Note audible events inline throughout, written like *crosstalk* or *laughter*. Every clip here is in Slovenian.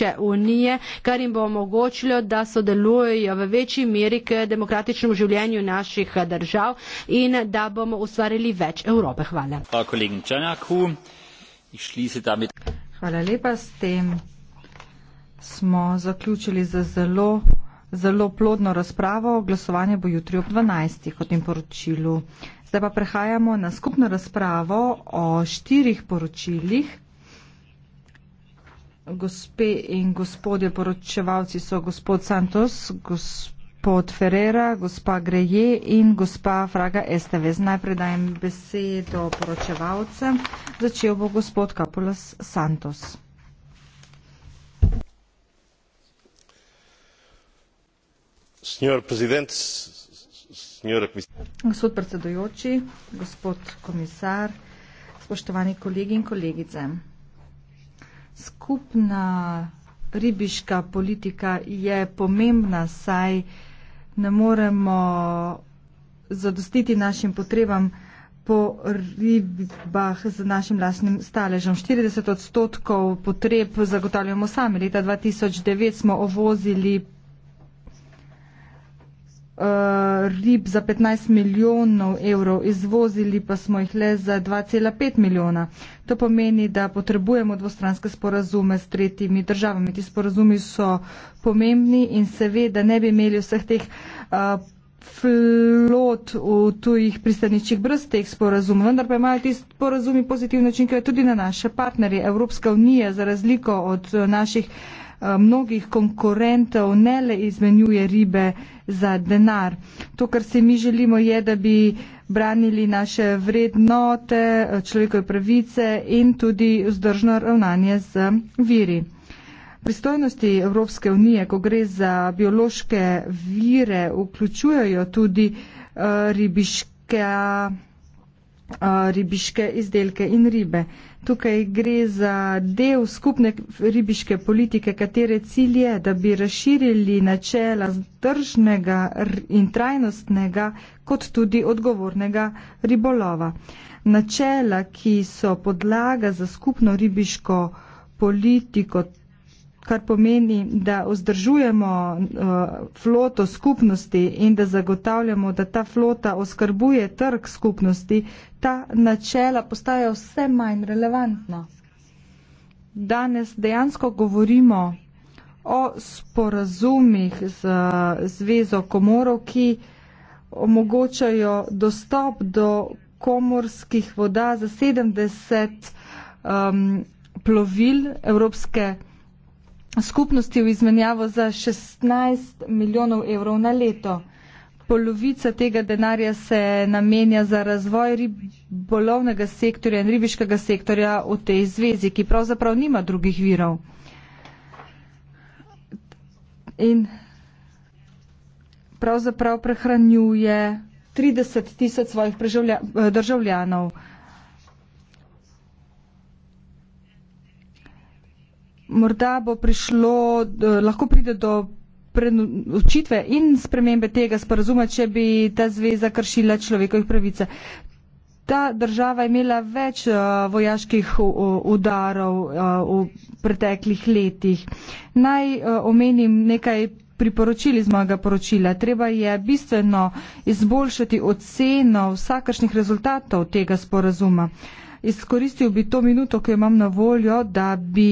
tiče Unije, kar jim bo omogočilo, da sodelujejo v večji meri k demokratičnemu življenju naših držav in da bomo ustvarili več Evrope. Hvala. Hvala lepa. S tem smo zaključili za zelo, zelo plodno razpravo. Glasovanje bo jutri ob 12. o tem poročilu. Zdaj pa prehajamo na skupno razpravo o štirih poročilih. Gospe in gospodje poročevalci so gospod Santos, gospod Ferreira, gospa Greje in gospa Fraga Esteves. Najprej dajem besedo poročevalcem. Začel bo gospod Kapulas Santos. Gospod predsedujoči, gospod komisar, spoštovani kolegi in kolegice skupna ribiška politika je pomembna, saj ne moremo zadostiti našim potrebam po ribah z našim lastnim staležem. 40 odstotkov potreb zagotavljamo sami. Leta 2009 smo ovozili Eh, rib za 15 milijonov evrov, izvozili pa smo jih le za 2,5 milijona. To pomeni, da potrebujemo dvostranske sporazume s tretjimi državami. Ti sporazumi so pomembni in seveda ne bi imeli vseh teh uh, flot v tujih pristaničih brez teh sporazumov. Vendar pa imajo ti sporazumi pozitivne učinke tudi na naše partnerje. Evropska unija, za razliko od eh, naših. Eh, mnogih konkurentov ne le izmenjuje ribe za denar. To, kar si mi želimo, je, da bi branili naše vrednote, eh, človekove pravice in tudi vzdržno ravnanje z viri. Pristojnosti Evropske unije, ko gre za biološke vire, vključujejo tudi eh, ribiške, ribiške izdelke in ribe. Tukaj gre za del skupne ribiške politike, katere cilj je, da bi razširili načela tržnega in trajnostnega, kot tudi odgovornega ribolova. Načela, ki so podlaga za skupno ribiško politiko kar pomeni, da vzdržujemo uh, floto skupnosti in da zagotavljamo, da ta flota oskrbuje trg skupnosti, ta načela postaja vse manj relevantna. Danes dejansko govorimo o sporazumih z Zvezo komorov, ki omogočajo dostop do komorskih voda za 70 um, plovil Evropske unije skupnosti v izmenjavo za 16 milijonov evrov na leto. Polovica tega denarja se namenja za razvoj ribolovnega sektorja in ribiškega sektorja v tej zvezi, ki pravzaprav nima drugih virov. In pravzaprav prehranjuje 30 tisoč svojih državljanov. morda bo prišlo, lahko pride do očitve in spremembe tega sporazuma, če bi ta zveza kršila človekovih pravice. Ta država je imela več eh, vojaških udarov eh, v preteklih letih. Naj eh, omenim nekaj priporočil iz mojega poročila. Treba je bistveno izboljšati oceno vsakršnih rezultatov tega sporazuma. Izkoristil bi to minuto, ki jo imam na voljo, da bi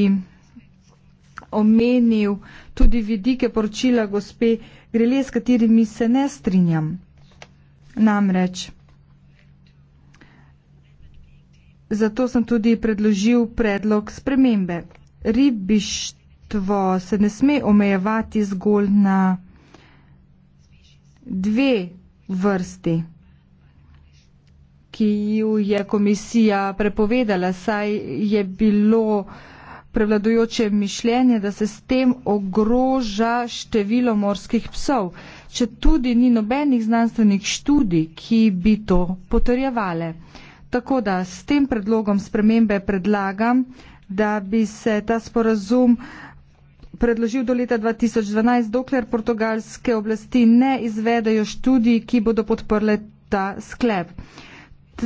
omenil tudi vidike poročila gospe Grele, s katerimi se ne strinjam. Namreč, zato sem tudi predložil predlog spremembe. Ribištvo se ne sme omejevati zgolj na dve vrsti, ki ju je komisija prepovedala, saj je bilo uh, prevladujoče mišljenje, da se s tem ogroža število morskih psov, če tudi ni nobenih znanstvenih študij, ki bi to potrjevale. Tako da s tem predlogom spremembe predlagam, da bi se ta sporazum predložil do leta 2012, dokler portugalske oblasti ne izvedejo študij, ki bodo podprle ta sklep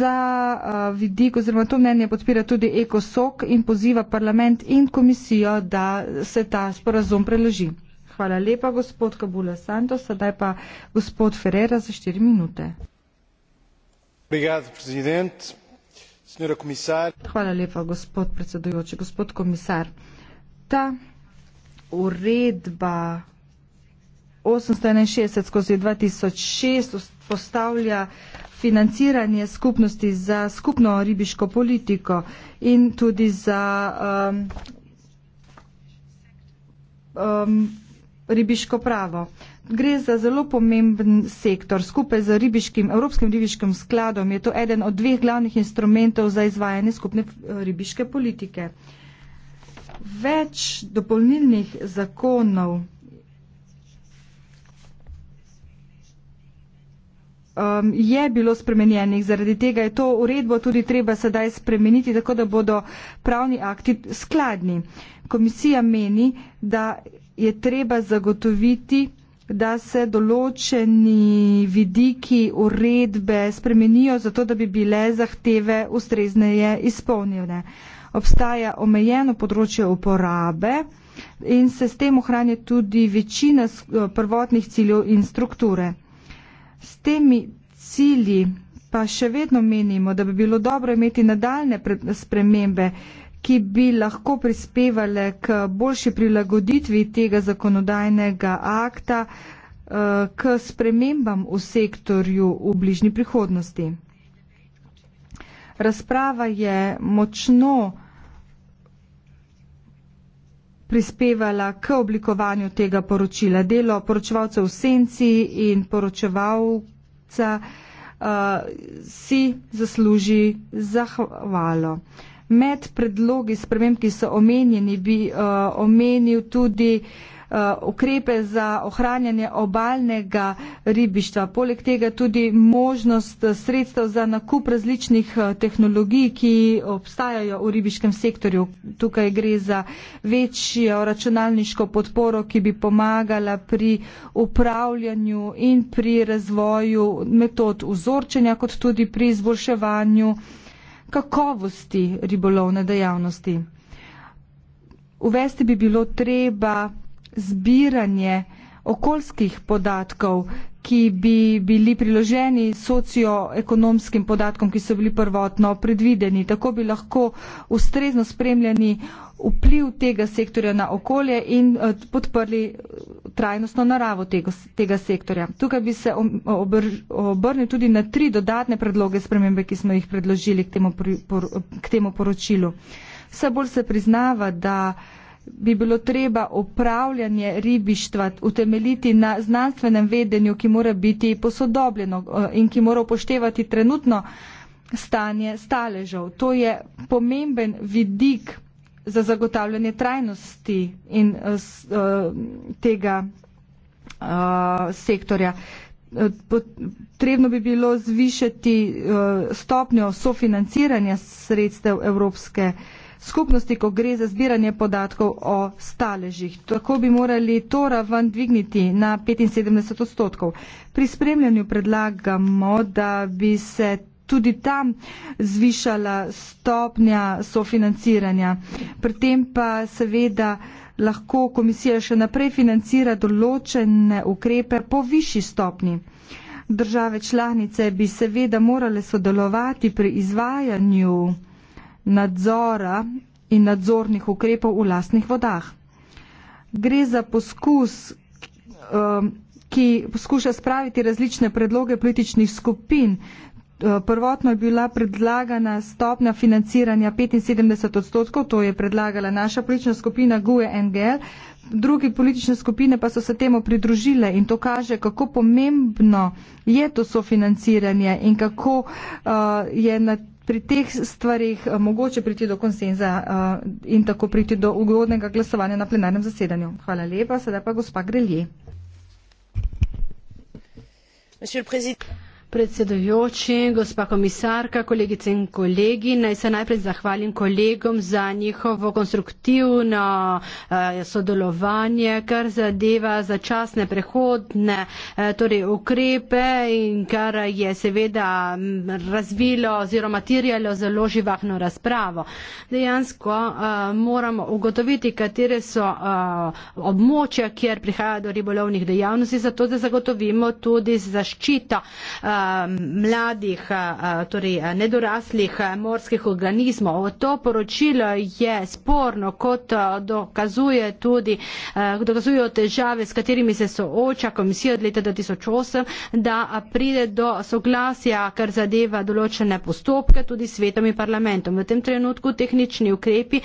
ta vidik oziroma to mnenje podpira tudi ECOSOC in poziva parlament in komisijo, da se ta sporazum preloži. Hvala lepa, gospod Kabula Santos, sedaj pa gospod Ferreira za štiri minute. Hvala lepa, gospod predsedujoči, gospod komisar. Ta uredba 861 skozi 2006 postavlja financiranje skupnosti za skupno ribiško politiko in tudi za um, um, ribiško pravo. Gre za zelo pomemben sektor. Skupaj z ribiškim, Evropskim ribiškim skladom je to eden od dveh glavnih instrumentov za izvajanje skupne eh, ribiške politike. Več dopolnilnih zakonov um, je bilo spremenjenih. Zaradi tega je to uredbo tudi treba sedaj spremeniti, tako da bodo pravni akti skladni. Komisija meni, da je treba zagotoviti da se določeni vidiki uredbe spremenijo, zato da bi bile zahteve ustrezneje izpolnjene. Obstaja omejeno področje uporabe in se s tem ohranja tudi večina prvotnih ciljev in strukture. S temi cilji pa še vedno menimo, da bi bilo dobro imeti nadaljne spremembe, ki bi lahko prispevale k boljši prilagoditvi tega zakonodajnega akta eh, k spremembam v sektorju v bližnji prihodnosti. Razprava je močno prispevala k oblikovanju tega poročila. Delo poročevalca v senci in poročevalca uh, si zasluži zahvalo. Med predlogi sprememb, ki so omenjeni, bi uh, omenil tudi uh, Eh, ukrepe za ohranjanje obalnega ribištva. Poleg tega tudi možnost sredstev za nakup različnih eh, tehnologij, ki obstajajo v ribiškem sektorju. Tukaj gre za večjo računalniško podporo, ki bi pomagala pri upravljanju in pri razvoju metod vzorčenja, kot tudi pri izboljševanju kakovosti ribolovne dejavnosti. Uvesti bi bilo treba zbiranje okoljskih podatkov, ki bi bili priloženi socioekonomskim podatkom, ki so bili prvotno predvideni. Tako bi lahko ustrezno spremljeni vpliv tega sektorja na okolje in eh, podprli eh, trajnostno naravo tega, tega sektorja. Tukaj bi se obr, obrnil tudi na tri dodatne predloge spremembe, ki smo jih predložili k temu, pri, por, k temu poročilu. Vse bolj se priznava, da bi bilo treba upravljanje ribištva utemeliti na znanstvenem vedenju, ki mora biti posodobljeno eh, in ki mora upoštevati trenutno stanje staležev. To je pomemben vidik za zagotavljanje trajnosti in eh, eh, tega sektorja. Potrebno bi bilo zvišati stopnjo sofinanciranja sredstev Evropske unije skupnosti, ko gre za zbiranje podatkov o staležih. Tako bi morali to raven dvigniti na 75 odstotkov. Pri spremljanju predlagamo, da bi se tudi tam zvišala stopnja sofinanciranja. Pri tem pa seveda lahko komisija še naprej financira določene ukrepe po višji stopni. Države članice bi seveda morale sodelovati pri izvajanju nadzora in nadzornih ukrepov v lastnih vodah. Gre za poskus, um, ki poskuša spraviti različne predloge političnih skupin. Uh, prvotno je bila predlagana stopnja financiranja 75 odstotkov, to je predlagala naša politična skupina GUE NGL, druge politične skupine pa so se temu pridružile in to kaže, kako pomembno je to sofinanciranje in kako uh, je na pri teh stvarih eh, mogoče priti do konsenza eh, in tako priti do ugodnega glasovanja na plenarnem zasedanju. Hvala lepa, sedaj pa gospa Grelje. Gospod predsednik. Predsedujoči, gospa komisarka, kolegice in kolegi, naj se najprej zahvalim kolegom za njihovo konstruktivno eh, sodelovanje, kar zadeva začasne prehodne eh, torej ukrepe in kar je seveda mm, razvilo oziroma tirjalo zelo živahno razpravo. Dejansko eh, moramo ugotoviti, katere so območja, kjer prihaja do ribolovnih dejavnosti, zato da zagotovimo tudi zaščito mladih, torej nedoraslih morskih organizmov. To poročilo je sporno, kot dokazuje tudi, dokazujejo težave, s katerimi se sooča komisija od leta 2008, da pride do soglasja, kar zadeva določene postopke tudi svetom in parlamentom. V tem trenutku tehnični ukrepi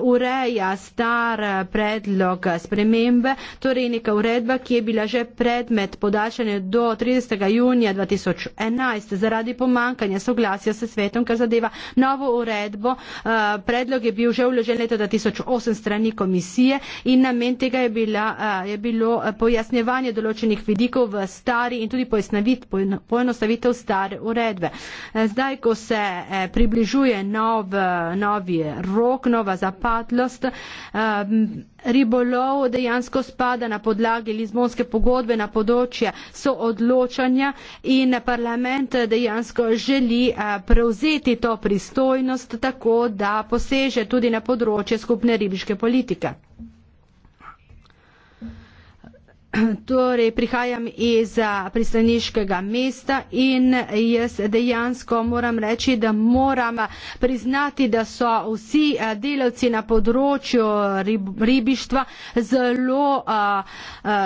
ureja star predlog spremembe, torej neka uredba, ki je bila že predmet podaljšanja do 30. junija 2008. 2011. Zaradi pomankanja soglasja se svetom, kar zadeva novo uredbo, eh, predlog je bil že vložen leta 2008 strani komisije in namen tega je, bila, eh, je bilo eh, pojasnjevanje določenih vidikov v stari in tudi poenostavitev stare uredbe. Zdaj, ko se približuje nov, novi rok, nova zapadlost, ribolov dejansko spada na podlagi Lizbonske pogodbe na področje soodločanja in parlament dejansko želi eh, prevzeti to pristojnost tako, da poseže tudi na področje skupne ribiške politike. *clears throat* torej prihajam iz pristaniškega mesta in jaz dejansko moram reči, da moram priznati, da so vsi delavci na področju ribištva zelo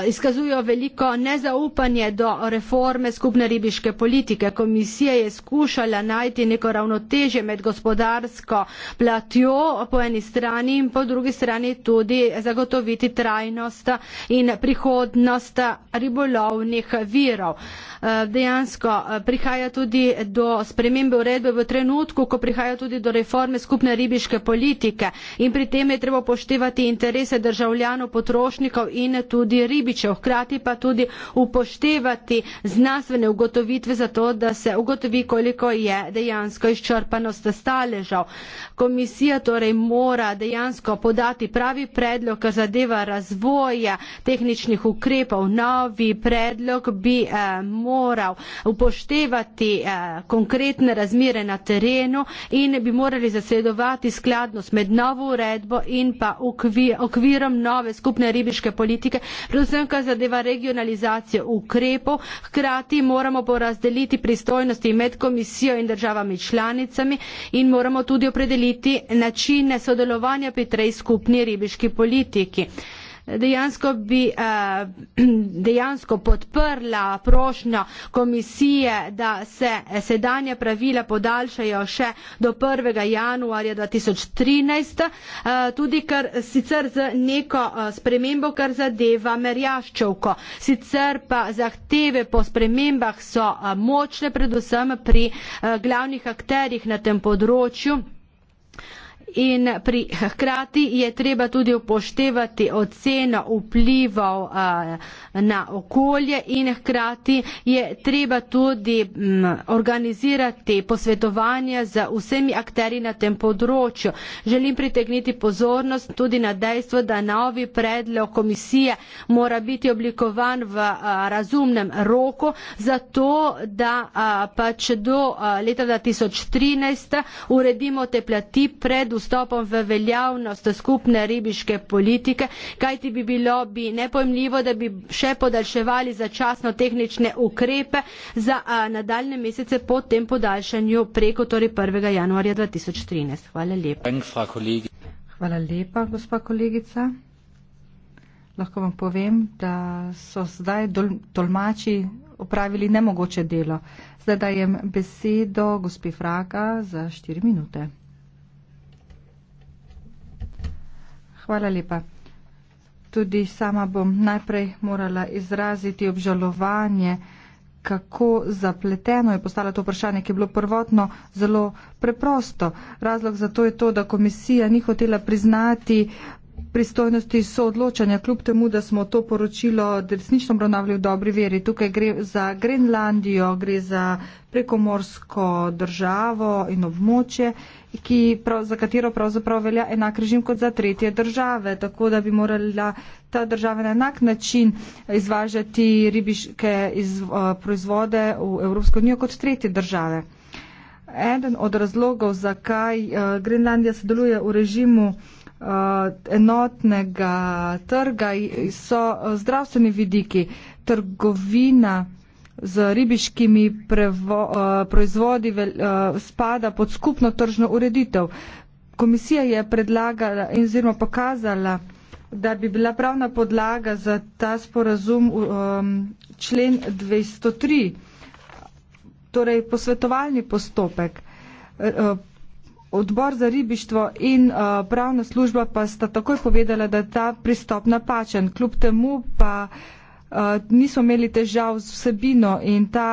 izkazujo veliko nezaupanje do reforme skupne ribiške politike. Komisija je skušala najti neko ravnoteže med gospodarsko platjo po eni strani in po drugi strani tudi zagotoviti trajnost in prihodnost dodatnost ribolovnih virov. Eh, dejansko eh, prihaja tudi do spremembe uredbe v trenutku, ko prihaja tudi do reforme skupne ribiške politike in pri tem je treba upoštevati interese državljanov, potrošnikov in tudi ribičev. Hkrati pa tudi upoštevati znanstvene ugotovitve za to, da se ugotovi, koliko je dejansko izčrpanost staležav. Komisija torej mora dejansko podati pravi predlog, kar zadeva razvoja tehničnih ukrepov. Novi predlog bi eh, moral upoštevati eh, konkretne razmere na terenu in bi morali zasledovati skladnost med novo uredbo in pa okvir, okvirom nove skupne ribiške politike, predvsem kar zadeva regionalizacijo ukrepov. Hkrati moramo porazdeliti pristojnosti med komisijo in državami članicami in moramo tudi opredeliti načine sodelovanja pri tej skupni ribiški politiki dejansko bi eh, *clears throat* dejansko podprla prošnjo komisije, da se sedanje pravila podaljšajo še do 1. januarja 2013, eh, tudi ker sicer z neko eh, spremembo, kar zadeva merjaščevko. Sicer pa zahteve po spremembah so močne predvsem pri glavnih akterjih na tem področju in pri, hkrati je treba tudi upoštevati oceno vplivov a, na okolje in hkrati je treba tudi m, organizirati posvetovanja z vsemi akteri na tem področju. Želim pritegniti pozornost tudi na dejstvo, da novi predlog komisije mora biti oblikovan v a, razumnem roku, zato da a, pač do a, leta 2013 uredimo te plati predvsem vstopom v veljavnost skupne ribiške politike, kajti bi bilo bi nepojmljivo, da bi še podaljševali začasno tehnične ukrepe za a, nadaljne mesece po tem podaljšanju preko torej 1. januarja 2013. Hvala lepa. Hvala lepa, gospa kolegica. Lahko vam povem, da so zdaj dol, tolmači opravili nemogoče delo. Zdaj dajem besedo gospe Fraga za štiri minute. Hvala lepa. Tudi sama bom najprej morala izraziti obžalovanje, kako zapleteno je postalo to vprašanje, ki je bilo prvotno zelo preprosto. Razlog za to je to, da komisija ni hotela priznati pristojnosti so odločanja, kljub temu, da smo to poročilo resnično obravnavali v dobri veri. Tukaj gre za Grenlandijo, gre za prekomorsko državo in območje ki, prav, za katero pravzaprav velja enak režim kot za tretje države. Tako da bi morala ta država na enak način izvažati ribiške iz, uh, proizvode v Evropsko unijo kot tretje države. Eden od razlogov, zakaj uh, Grenlandija sodeluje v režimu uh, enotnega trga, so zdravstveni vidiki. Trgovina z ribiškimi prevo, uh, proizvodi vel, uh, spada pod skupno tržno ureditev. Komisija je predlagala in oziroma pokazala, da bi bila pravna podlaga za ta sporazum um, člen 203, torej posvetovalni postopek. Uh, odbor za ribištvo in uh, pravna služba pa sta takoj povedala, da je ta pristop napačen. Kljub temu pa uh, Eh, niso imeli težav z vsebino in ta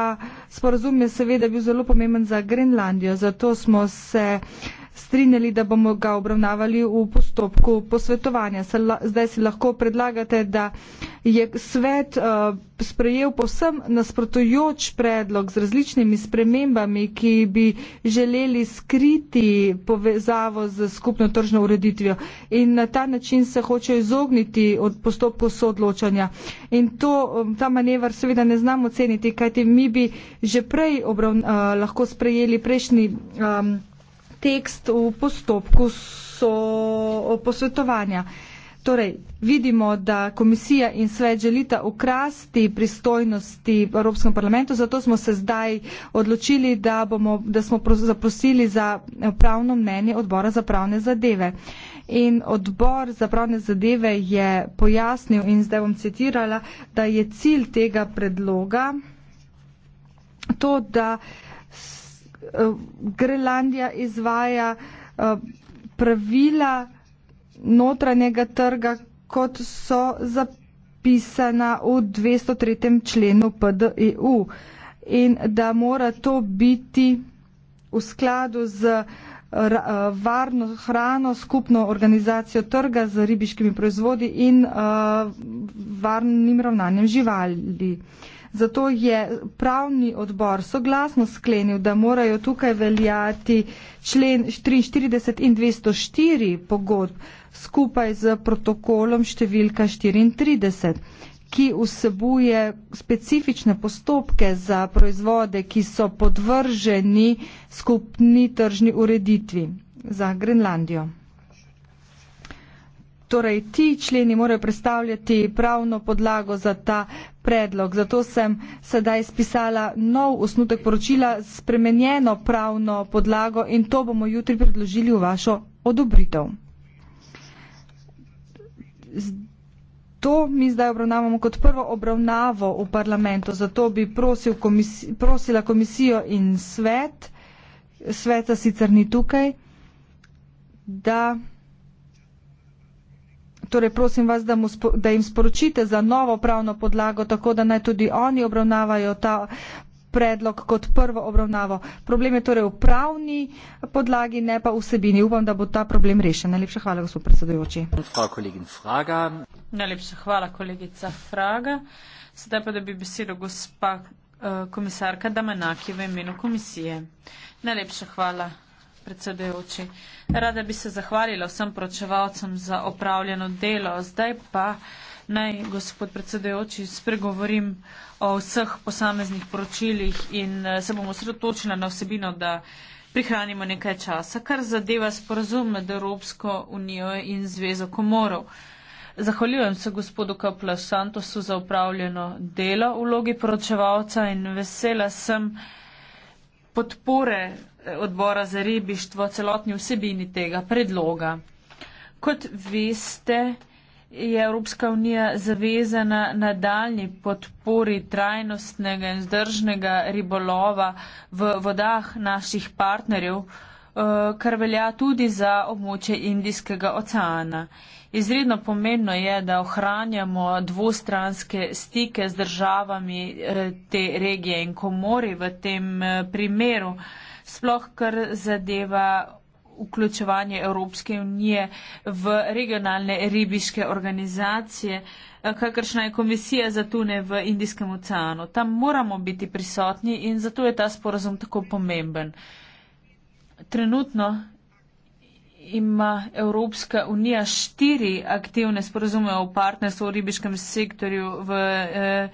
sporozum je seveda bil zelo pomemben za Grenlandijo. Zato smo se uh, strinjali, da bomo ga obravnavali v postopku posvetovanja. Zdaj si lahko predlagate, da je svet eh, sprejel povsem nasprotujoč predlog z različnimi spremembami, ki bi želeli skriti povezavo z skupno tržno ureditvijo in na ta način se hočejo izogniti od postopkov soodločanja. In to, eh, ta manevr seveda ne znamo ceniti, kajti mi bi že prej obravna, eh, lahko sprejeli prejšnji. Um, tekst v postopku so posvetovanja. Torej, vidimo, da komisija in svet želita ukrasti pristojnosti Evropskem parlamentu, zato smo se zdaj odločili, da, bomo, da smo zaprosili za eh, pravno mnenje odbora za pravne zadeve. In odbor za pravne zadeve je pojasnil in zdaj bom citirala, da je cilj tega predloga to, da. Uh, Eh, Grenlandija izvaja eh, pravila notranjega trga, kot so zapisana v 203. členu PDEU in da mora to biti v skladu z eh, varno hrano, skupno organizacijo trga z ribiškimi proizvodi in uh, varnim ravnanjem živali. Uh, Zato je pravni odbor soglasno sklenil, da morajo tukaj veljati člen 43 in 204 pogodb skupaj z protokolom številka 34 ki vsebuje specifične postopke za proizvode, ki so podvrženi skupni tržni ureditvi za Grenlandijo torej ti členi morajo predstavljati pravno podlago za ta predlog. Zato sem sedaj spisala nov osnutek poročila s spremenjeno pravno podlago in to bomo jutri predložili v vašo odobritev. To mi zdaj obravnavamo kot prvo obravnavo v parlamentu, zato bi prosil komisi, prosila komisijo in svet, sveta sicer ni tukaj, da torej prosim vas, da, spo, da jim sporočite za novo pravno podlago, tako da naj tudi oni obravnavajo ta predlog kot prvo obravnavo. Problem je torej v pravni podlagi, ne pa v sebini. Upam, da bo ta problem rešen. Najlepša hvala, gospod predsedujoči. Najlepša hvala, kolegica Fraga. Sedaj pa, da bi besedo gospa eh, komisarka Damenaki v imenu komisije. Najlepša hvala predsedujoči. Rada bi se zahvalila vsem pročevalcem za opravljeno delo. Zdaj pa naj, gospod predsedujoči, spregovorim o vseh posameznih poročilih in eh, se bom osredotočila na vsebino, da prihranimo nekaj časa, kar zadeva sporazum med Evropsko unijo in Zvezo komorov. Zahvaljujem se gospodu Kapla Santosu za upravljeno delo v vlogi poročevalca in vesela sem podpore odbora za ribištvo, celotni vsebini tega predloga. Kot veste, je Evropska unija zavezana nadaljni podpori trajnostnega in zdržnega ribolova v vodah naših partnerjev, eh, kar velja tudi za območje Indijskega oceana. Izredno pomembno je, da ohranjamo dvostranske stike z državami eh, te regije in komori v tem eh, primeru sploh kar zadeva vključevanje Evropske unije v regionalne ribiške organizacije, eh, kakršna je komisija za tune v Indijskem oceanu. Tam moramo biti prisotni in zato je ta sporazum tako pomemben. Trenutno ima Evropska unija štiri aktivne sporazume o partnerstvu v ribiškem sektorju v eh,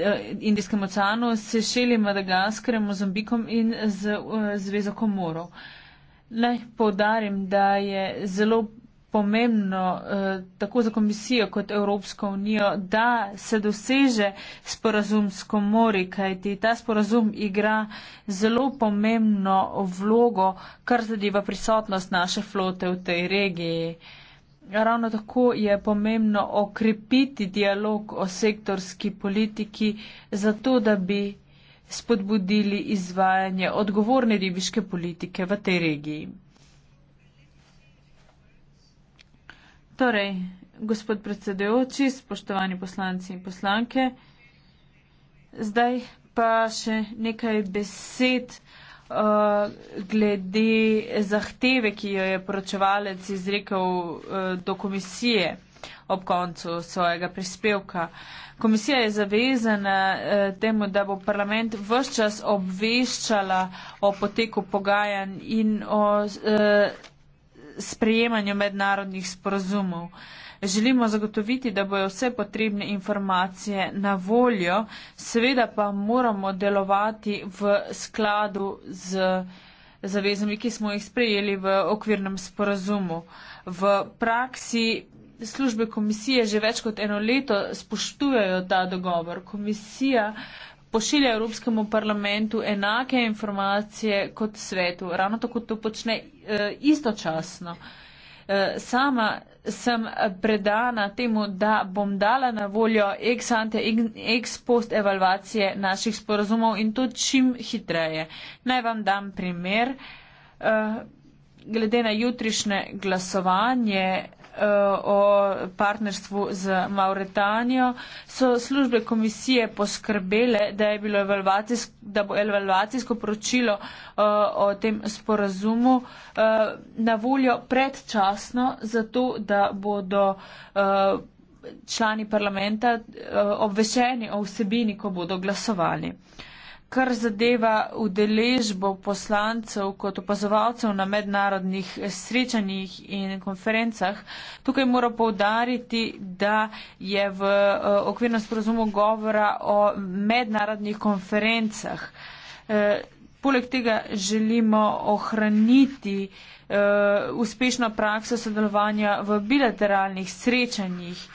Eh, Indijskem oceanu, Sešeljem, Madagaskarjem, Mozambikom in z eh, Zvezo Komorov. Naj povdarim, da je zelo pomembno eh, tako za komisijo kot Evropsko unijo, da se doseže sporazum s Komori, kajti ta sporazum igra zelo pomembno vlogo, kar zadeva prisotnost naše flote v tej regiji. Ravno tako je pomembno okrepiti dialog o sektorski politiki, zato da bi spodbudili izvajanje odgovorne ribiške politike v tej regiji. Torej, gospod predsedujoči, spoštovani poslanci in poslanke, zdaj pa še nekaj besed. Eh, glede zahteve, ki jo je poročevalec izrekel uh, do komisije ob koncu svojega prispevka. Komisija je zavezana eh, temu, da bo parlament vse čas obveščala o poteku pogajanj in o eh, sprejemanju mednarodnih sporozumov. Eh, želimo zagotoviti, da bojo vse potrebne informacije na voljo, seveda pa moramo delovati v skladu z zavezami, ki smo jih sprejeli v okvirnem sporazumu. V praksi službe komisije že več kot eno leto spoštujejo ta dogovor. Komisija pošilja Evropskemu parlamentu enake informacije kot svetu. Ravno tako to počne e, istočasno. Eh, sama sem predana temu, da bom dala na voljo ex ante, ex post evalvacije naših sporozumov in to čim hitreje. Naj vam dam primer. Eh, glede na jutrišnje glasovanje Eh, o partnerstvu z Mauretanijo, so službe komisije poskrbele, da, je bilo da bo evalvacijsko poročilo eh, o tem sporazumu eh, na voljo predčasno, zato da bodo člani parlamenta obvešeni o vsebini, ko bodo glasovali. Kar zadeva udeležbo poslancev kot opazovalcev na mednarodnih srečanjih in konferencah, tukaj mora povdariti, da je v eh, okvirnem sporozumu govora o mednarodnih konferencah. Eh, poleg tega želimo ohraniti eh, uspešno prakso sodelovanja v bilateralnih srečanjih.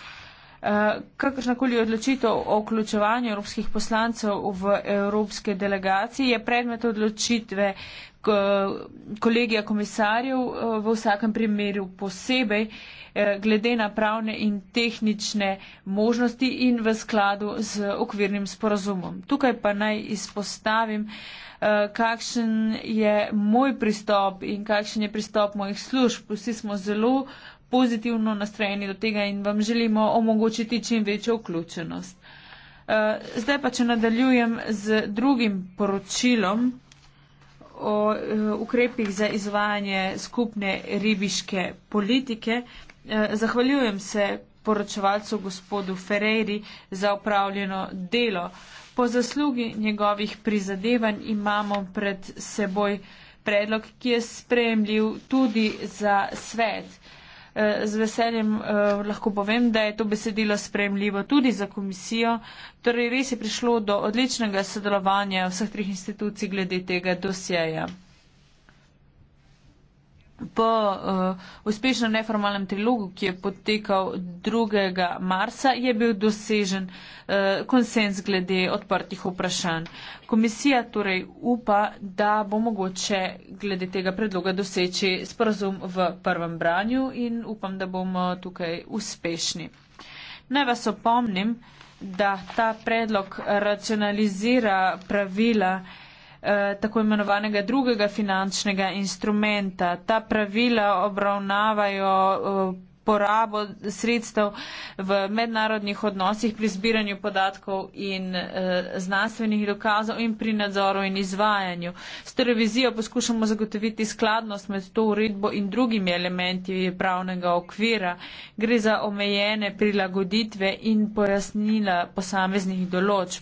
Eh, kakršnakoli odločitev o vključevanju evropskih poslancev v evropske delegacije je predmet odločitve kolegija komisarjev eh, v vsakem primeru posebej eh, glede na pravne in tehnične možnosti in v skladu z okvirnim sporazumom. Tukaj pa naj izpostavim, kakšen je moj pristop in kakšen je pristop mojih služb. Vsi smo zelo pozitivno nastrojeni do tega in vam želimo omogočiti čim večjo vključenost. Eh, zdaj pa, če nadaljujem z drugim poročilom o eh, ukrepih za izvajanje skupne ribiške politike. Eh, zahvaljujem se poročevalcu gospodu Ferreri za upravljeno delo. Po zaslugi njegovih prizadevanj imamo pred seboj predlog, ki je spremljiv tudi za svet. Eh, z veseljem eh, lahko povem, da je to besedilo spremljivo tudi za komisijo. Torej res je prišlo do odličnega sodelovanja vseh trih institucij glede tega dosjeja po uh, uspešnem neformalnem trilogu, ki je potekal 2. marca, je bil dosežen uh, konsens glede odprtih vprašanj. Komisija torej upa, da bo mogoče glede tega predloga doseči sporazum v prvem branju in upam, da bomo tukaj uspešni. Naj vas opomnim, da ta predlog racionalizira pravila, Eh, tako imenovanega drugega finančnega instrumenta. Ta pravila obravnavajo uh, porabo sredstev v mednarodnih odnosih pri zbiranju podatkov in eh, znanstvenih dokazov in pri nadzoru in izvajanju. S televizijo poskušamo zagotoviti skladnost med to uredbo in drugimi elementi pravnega okvira. Gre za omejene prilagoditve in pojasnila posameznih določb.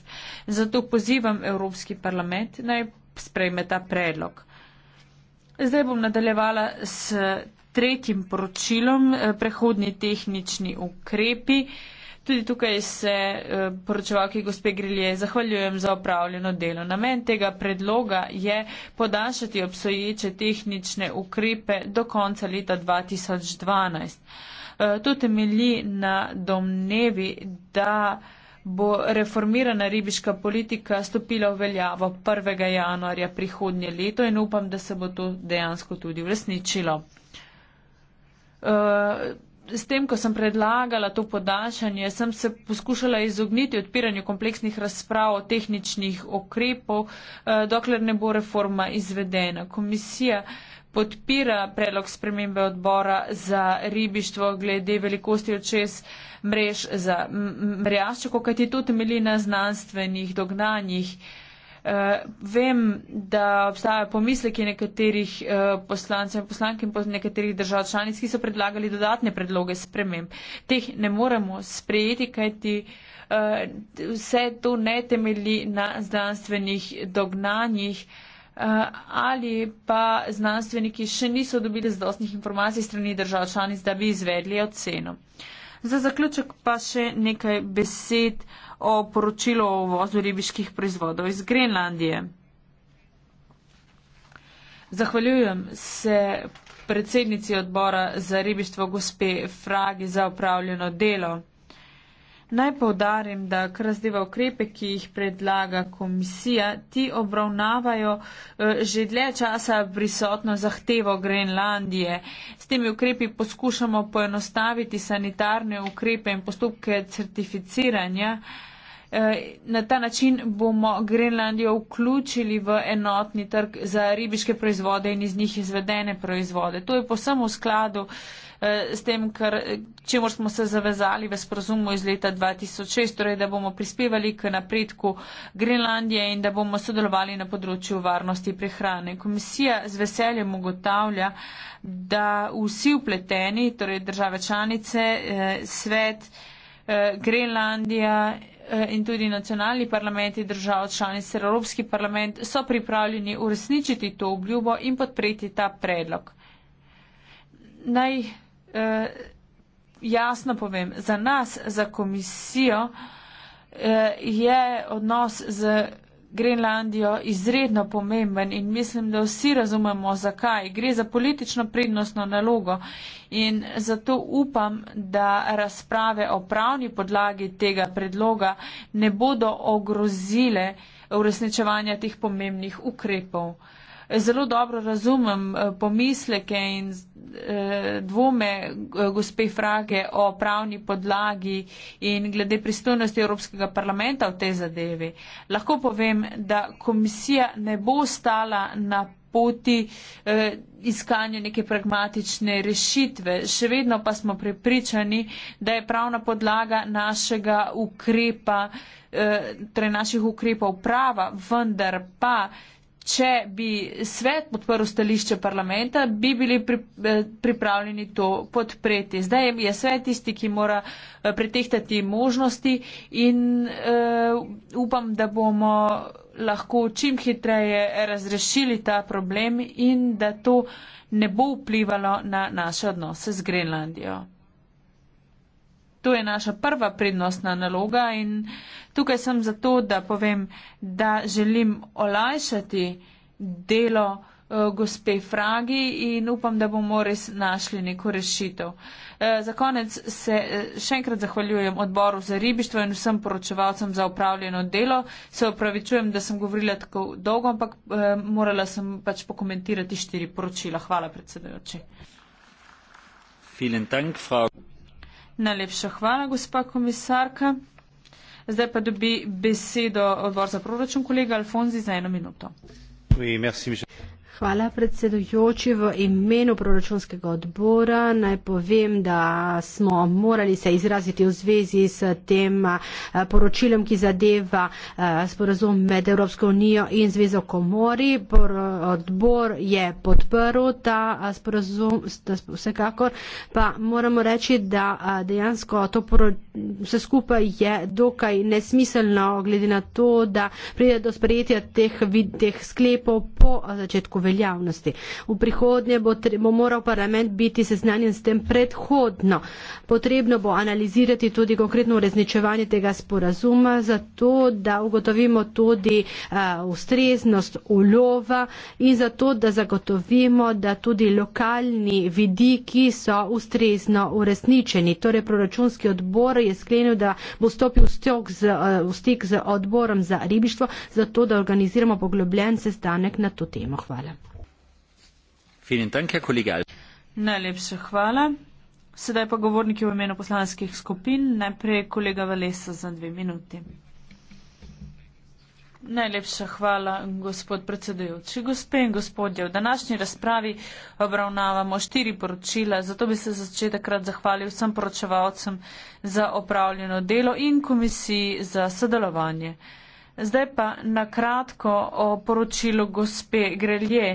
Zato pozivam Evropski parlament naj sprejme ta predlog. Zdaj bom nadaljevala s tretjim poročilom eh, prehodni tehnični ukrepi. Tudi tukaj se eh, poročevalki gospe Grilje zahvaljujem za opravljeno delo. Namen tega predloga je podaljšati obsoječe tehnične ukrepe do konca leta 2012. Eh, to temelji na domnevi, da bo reformirana ribiška politika stopila v veljavo 1. januarja prihodnje leto in upam, da se bo to dejansko tudi uresničilo. Eh, s tem, ko sem predlagala to podaljšanje, sem se poskušala izogniti odpiranju kompleksnih razprav o tehničnih okrepov, eh, dokler ne bo reforma izvedena. Komisija podpira predlog spremembe odbora za ribištvo glede velikosti očes mrež za mrjaščo, kajti to temeli na znanstvenih dognanjih. Uh, vem, da obstajajo pomisleki nekaterih uh, poslancev in poslank in nekaterih držav članic, ki so predlagali dodatne predloge sprememb. Teh ne moremo sprejeti, kajti uh, vse to ne temeli na znanstvenih dognanjih uh, ali pa znanstveniki še niso dobili zadostnih informacij strani držav članic, da bi izvedli oceno. Za zaključek pa še nekaj besed. Uh, o poročilu o uvozu ribiških proizvodov iz Grenlandije. Zahvaljujem se predsednici odbora za ribištvo gospe Fragi za upravljeno delo. Naj povdarim, da krzdiva ukrepe, ki jih predlaga komisija, ti obravnavajo eh, že dlje časa prisotno zahtevo Grenlandije. S temi ukrepi poskušamo poenostaviti sanitarne ukrepe in postopke certificiranja. Na ta način bomo Grenlandijo vključili v enotni trg za ribiške proizvode in iz njih izvedene proizvode. To je posem v skladu eh, s tem, kar, čemu smo se zavezali v sporozumu iz leta 2006, torej da bomo prispevali k napredku Grenlandije in da bomo sodelovali na področju varnosti prehrane. Komisija z veseljem ugotavlja, da vsi vpleteni, torej države članice, eh, svet, eh, Grenlandija, Eh, in tudi nacionalni parlamenti držav članic ter Evropski parlament so pripravljeni uresničiti to obljubo in podpreti ta predlog. Naj eh, jasno povem, za nas, za komisijo eh, je odnos z Grenlandijo izredno pomemben in mislim, da vsi razumemo, zakaj. Gre za politično prednostno nalogo in zato upam, da razprave o pravni podlagi tega predloga ne bodo ogrozile uresničevanja teh pomembnih ukrepov zelo dobro razumem eh, pomisleke in eh, dvome eh, gospe Frage o pravni podlagi in glede pristojnosti Evropskega parlamenta v tej zadevi. Lahko povem, da komisija ne bo stala na poti eh, iskanju neke pragmatične rešitve. Še vedno pa smo prepričani, da je pravna podlaga našega ukrepa, eh, torej naših ukrepov prava, vendar pa če bi svet podprl stališče parlamenta, bi bili pri, eh, pripravljeni to podpreti. Zdaj je svet tisti, ki mora eh, pretehtati možnosti in uh, upam, da bomo lahko čim hitreje razrešili ta problem in da to ne bo vplivalo na naše odnose z Grenlandijo. To je naša prva prednostna naloga in tukaj sem zato, da povem, da želim olajšati delo eh, gospe Fragi in upam, da bomo res našli neko rešitev. Eh, za konec se eh, še enkrat zahvaljujem odboru za ribištvo in vsem poročevalcem za upravljeno delo. Se opravičujem, da sem govorila tako dolgo, ampak morala sem pač pokomentirati štiri poročila. Hvala predsedujoči. Najlepša hvala, gospa komisarka. Zdaj pa dobi besedo odbor za proračun, kolega Alfonzi, za eno minuto. Oui, merci, Hvala predsedujoči v imenu proračunskega odbora. Naj povem, da smo morali se izraziti v zvezi s tem eh, poročilom, ki zadeva eh, sporozum med Evropsko unijo in Zvezo Komori. Odbor je podprl ta eh, sporozum, vsekakor pa moramo reči, da dejansko to vse skupaj je dokaj nesmiselno, glede na to, da pride do sprejetja teh, teh sklepov po začetku veljavnosti veljavnosti. V prihodnje bo, bo moral parlament biti seznanjen s tem predhodno. Potrebno bo analizirati tudi konkretno urezničevanje tega sporazuma, zato da ugotovimo tudi a, eh, ustreznost ulova in zato da zagotovimo, da tudi lokalni vidiki so ustrezno uresničeni. Torej, proračunski odbor je sklenil, da bo stopil z, eh, v stik z odborom za ribištvo, zato da organiziramo poglobljen sestanek na to temo. Hvala. Najlepša hvala. Sedaj pa govorniki v imenu poslanskih skupin. Najprej kolega Valesa za dve minuti. Najlepša hvala, gospod predsedujoči. Gospe in gospodje, v današnji razpravi obravnavamo štiri poročila, zato bi se začetekrat zahvalil vsem poročevalcem za opravljeno delo in komisiji za sodelovanje. Zdaj pa nakratko o poročilu gospe Grelje.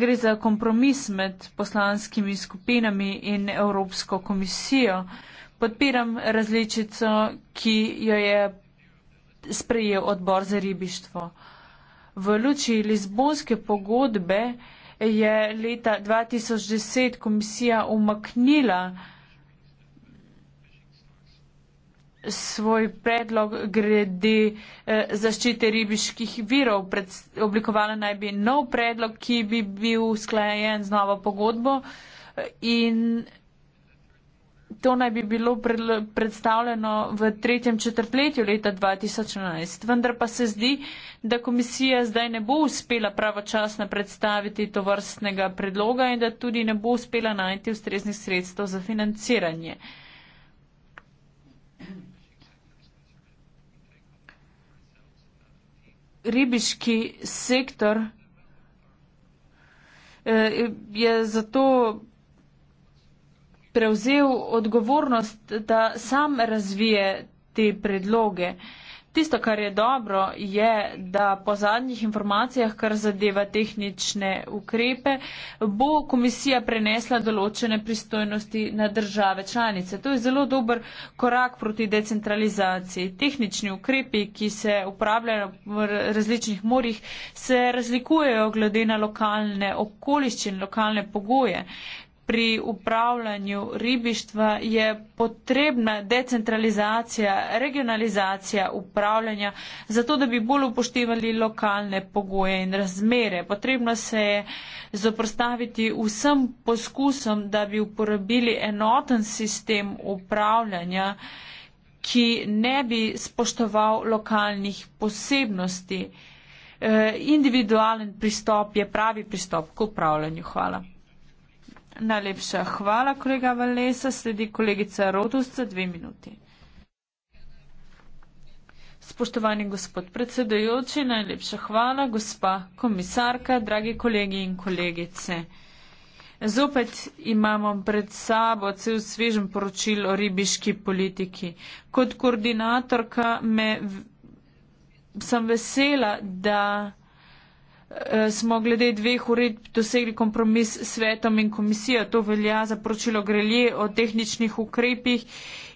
Gre za kompromis med poslanskimi skupinami in Evropsko komisijo. Podpiram različico, ki jo je sprejel odbor za ribištvo. V luči Lizbonske pogodbe je leta 2010 komisija umaknila svoj predlog grede eh, zaščite ribiških virov. Oblikovala naj bi nov predlog, ki bi bil usklajen z novo pogodbo eh, in to naj bi bilo predstavljeno v tretjem četrtletju leta 2011. Vendar pa se zdi, da komisija zdaj ne bo uspela pravočasno predstaviti to vrstnega predloga in da tudi ne bo uspela najti ustreznih sredstev za financiranje. ribiški sektor eh, je zato prevzel odgovornost, da sam razvije te predloge. Tisto, kar je dobro, je, da po zadnjih informacijah, kar zadeva tehnične ukrepe, bo komisija prenesla določene pristojnosti na države članice. To je zelo dober korak proti decentralizaciji. Tehnični ukrepi, ki se upravljajo v različnih morjih, se razlikujejo glede na lokalne okoliščine, lokalne pogoje pri upravljanju ribištva je potrebna decentralizacija, regionalizacija upravljanja, zato da bi bolj upoštevali lokalne pogoje in razmere. Potrebno se je zoprstaviti vsem poskusom, da bi uporabili enoten sistem upravljanja, ki ne bi spoštoval lokalnih posebnosti. Eh, individualen pristop je pravi pristop k upravljanju. Hvala. Najlepša hvala, kolega Valesa. Sledi kolegica Rodus za dve minuti. Spoštovani gospod predsedojoči, najlepša hvala, gospa komisarka, dragi kolegi in kolegice. Zopet imamo pred sabo cel svežen poročil o ribiški politiki. Kot koordinatorka me v... sem vesela, da. Eh, smo glede dveh uredb dosegli kompromis s svetom in komisijo. To velja za poročilo Grelje o tehničnih ukrepih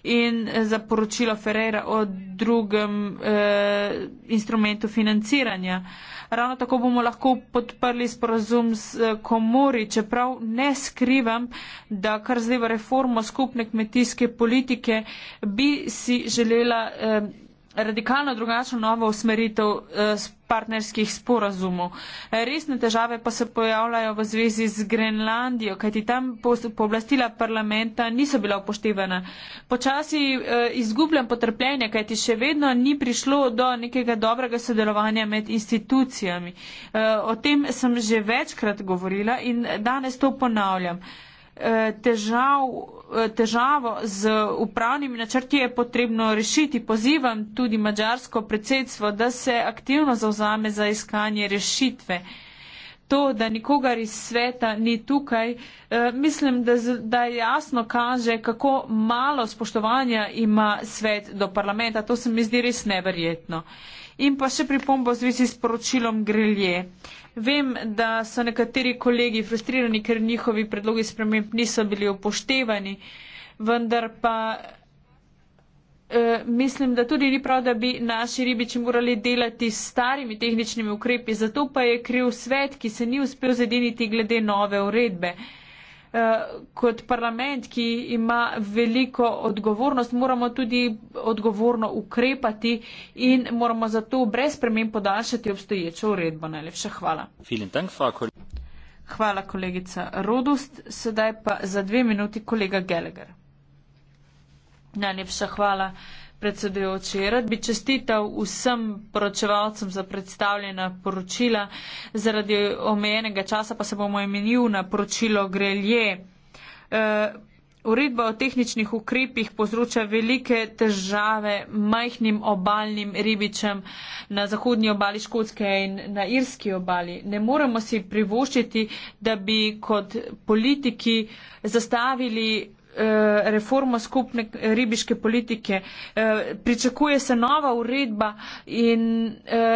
in eh, za poročilo Ferreira o drugem eh, instrumentu financiranja. Ravno tako bomo lahko podprli sporozum s eh, komori, čeprav ne skrivam, da kar zdaj v reformo skupne kmetijske politike bi si želela. Eh, radikalno drugačno novo usmeritev eh, partnerskih sporazumov. Eh, resne težave pa se pojavljajo v zvezi z Grenlandijo, kajti tam pooblastila parlamenta niso bila upoštevana. Počasi eh, izgubljam potrpljenje, kajti še vedno ni prišlo do nekega dobrega sodelovanja med institucijami. O tem sem že večkrat govorila in danes to ponavljam. Eh, težav, eh, težavo z upravnimi načrti je potrebno rešiti. Pozivam tudi mađarsko predsedstvo, da se aktivno zauzame za iskanje rešitve to, da nikogar iz sveta ni tukaj, eh, mislim, da, da jasno kaže, kako malo spoštovanja ima svet do parlamenta. To se mi zdi res neverjetno. In pa še pripombo v zvezi s poročilom Grilje. Vem, da so nekateri kolegi frustrirani, ker njihovi predlogi sprememb niso bili upoštevani, vendar pa Eh, mislim, da tudi ni prav, da bi naši ribiči morali delati s starimi tehničnimi ukrepi, zato pa je kriv svet, ki se ni uspel zediniti glede nove uredbe. Eh, kot parlament, ki ima veliko odgovornost, moramo tudi odgovorno ukrepati in moramo zato brez premem podaljšati obstoječo uredbo. Najlepša hvala. Hvala, kolegica Rodust. Sedaj pa za dve minuti kolega Gelegar. Najlepša hvala, predsedujoči. Rad bi čestital vsem poročevalcem za predstavljena poročila. Zaradi omejenega časa pa se bomo imenil na poročilo Grelje. E, uredba o tehničnih ukrepih povzroča velike težave majhnim obaljnim ribičem na zahodnji obali Škotske in na irski obali. Ne moremo si privoščiti, da bi kot politiki zastavili Eh, reforma skupne ribiške politike, eh, pričakuje se nova uredba eh, in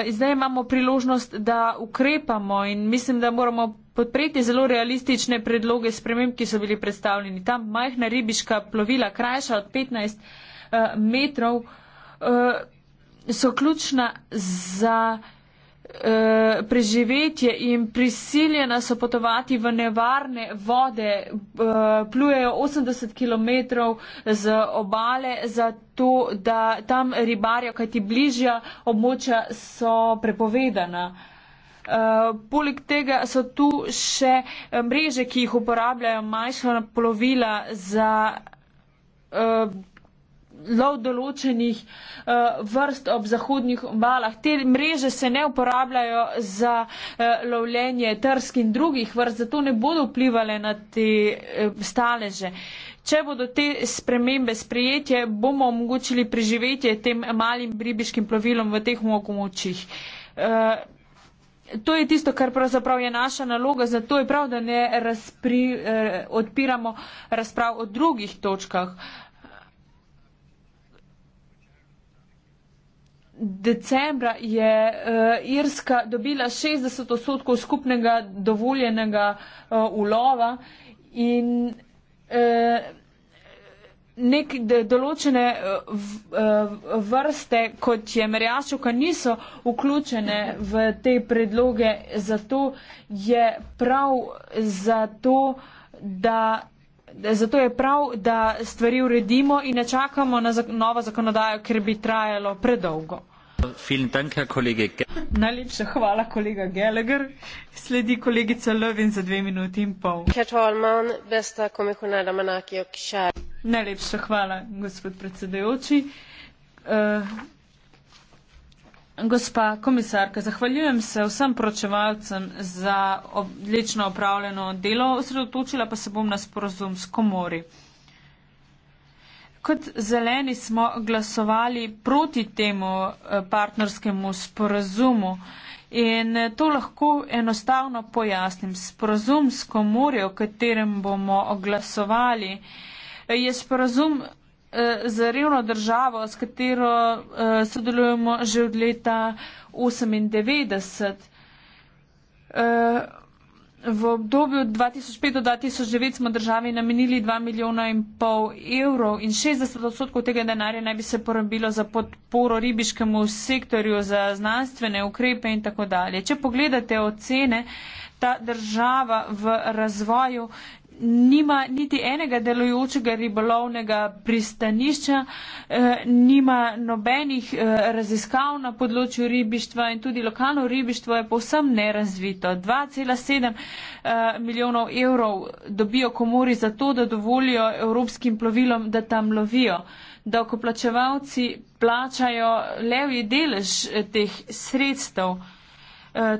zdaj imamo priložnost, da ukrepamo in mislim, da moramo podpreti zelo realistične predloge sprememb, ki so bili predstavljeni. Tam majhna ribiška plovila, krajša od 15 metrov, so ključna za. Eh, preživetje in prisiljena so potovati v nevarne vode, eh, plujejo 80 km z obale, zato da tam ribarijo, kajti bližja območja so prepovedana. Uh, poleg tega so tu še mreže, ki jih uporabljajo majhna plovila za uh, lov določenih uh, vrst ob zahodnih obalah. Te mreže se ne uporabljajo za uh, lovljenje trsk in drugih vrst, zato ne bodo vplivali na te uh, staleže. Če bodo te spremembe sprejetje, bomo omogočili preživetje tem malim ribiškim plovilom v teh mogočih. Uh, To je tisto, kar pravzaprav je naša naloga, zato je prav, da ne razpri, eh, odpiramo razprav o drugih točkah. Eh, decembra je uh, Irska dobila 60 odstotkov skupnega dovoljenega uh, ulova in uh, eh, nek, de, določene v, uh, vrste, kot je merjačuka, niso vključene v te predloge. Zato je prav, zato, da. Zato je prav, da stvari uredimo in ne čakamo na zak novo zakonodajo, ker bi trajalo predolgo. Najlepša hvala, kolega Gallagher. Sledi kolegica Lovin za dve minuti in pol. Najlepša hvala, gospod predsedajoči. Uh, eh, gospa komisarka, zahvaljujem se vsem pročevalcem za odlično opravljeno delo, osredotočila pa se bom na sporozum s komori. Kot zeleni smo glasovali proti temu eh, partnerskemu sporazumu in eh, to lahko enostavno pojasnim. Sporazum s komorjo, o katerem bomo glasovali, eh, je sporazum za revno državo, s katero sodelujemo že od leta 1998. V obdobju 2005 do 2009 smo državi namenili 2 milijona in pol evrov in 60 odstotkov tega denarja naj bi se porabilo za podporo ribiškemu sektorju, za znanstvene ukrepe in tako dalje. Če pogledate ocene, ta država v razvoju nima niti enega delujočega ribolovnega pristanišča, eh, nima nobenih eh, raziskav na področju ribištva in tudi lokalno ribištvo je povsem nerazvito. 2,7 eh, milijonov evrov dobijo komori za to, da dovolijo evropskim plovilom, da tam lovijo da okoplačevalci plačajo levi delež teh sredstev.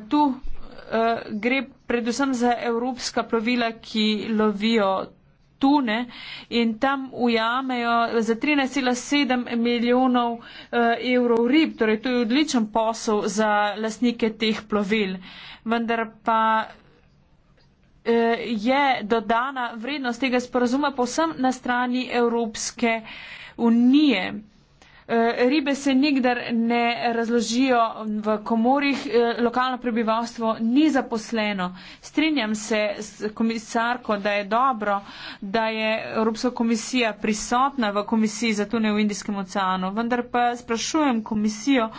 Tu Eh, gre predvsem za evropska plovila, ki lovijo tune in tam ujamejo za 13,7 milijonov eh, evrov rib. Torej, to je odličen posel za lasnike teh plovil. Vendar pa eh, je dodana vrednost tega sporazuma povsem na strani Evropske unije. Eh, ribe se nikdar ne razložijo v komorih, eh, lokalno prebivalstvo ni zaposleno. Strinjam se s komisarko, da je dobro, da je Evropska komisija prisotna v komisiji za tune v Indijskem oceanu, vendar pa sprašujem komisijo,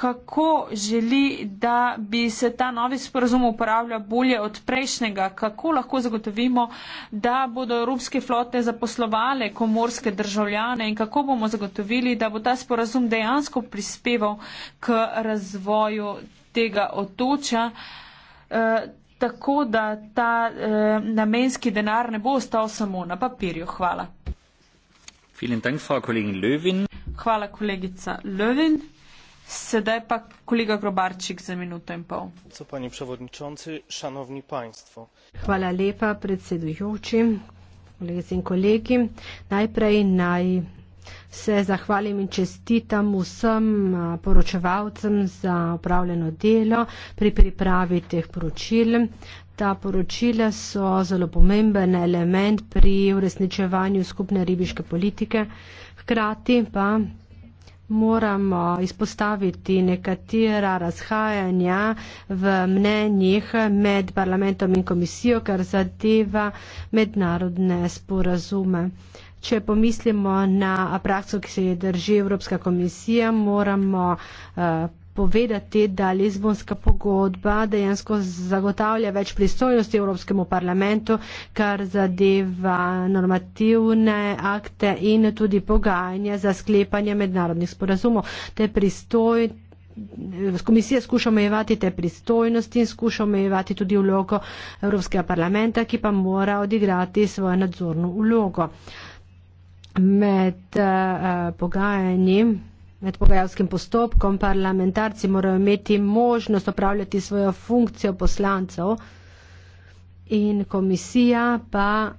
kako želi, da bi se ta novi sporazum uporabljal bolje od prejšnjega, kako lahko zagotovimo, da bodo evropske flote zaposlovale komorske državljane in kako bomo zagotovili, da bo ta sporazum dejansko prispeval k razvoju tega otoča. E, eh, tako da ta e, namenski denar ne bo ostal samo na papirju. Hvala. Dank, Hvala, kolegica Lövin. Sedaj pa kolega Grobarčik za minuto in pol. Co pani przewodniczący, szanowni państwo. Hvala lepa predsedujoči, kolegice in kolegi. Najprej naj se zahvalim in čestitam vsem poročevalcem za upravljeno delo pri pripravi teh poročil. Ta poročila so zelo pomemben element pri uresničevanju skupne ribiške politike, hkrati pa moramo izpostaviti nekatera razhajanja v mnenjih med parlamentom in komisijo, kar zadeva mednarodne sporazume. Če pomislimo na prakso, ki se je drži Evropska komisija, moramo uh, povedati, da Lizbonska pogodba dejansko zagotavlja več pristojnosti Evropskemu parlamentu, kar zadeva normativne akte in tudi pogajanja za sklepanje mednarodnih sporazumov. Komisija skuša omejevati te pristojnosti in skuša omejevati tudi vlogo Evropskega parlamenta, ki pa mora odigrati svojo nadzorno vlogo. Med uh, eh, pogajanjem Med pogajalskim postopkom parlamentarci morajo imeti možnost opravljati svojo funkcijo poslancev in komisija pa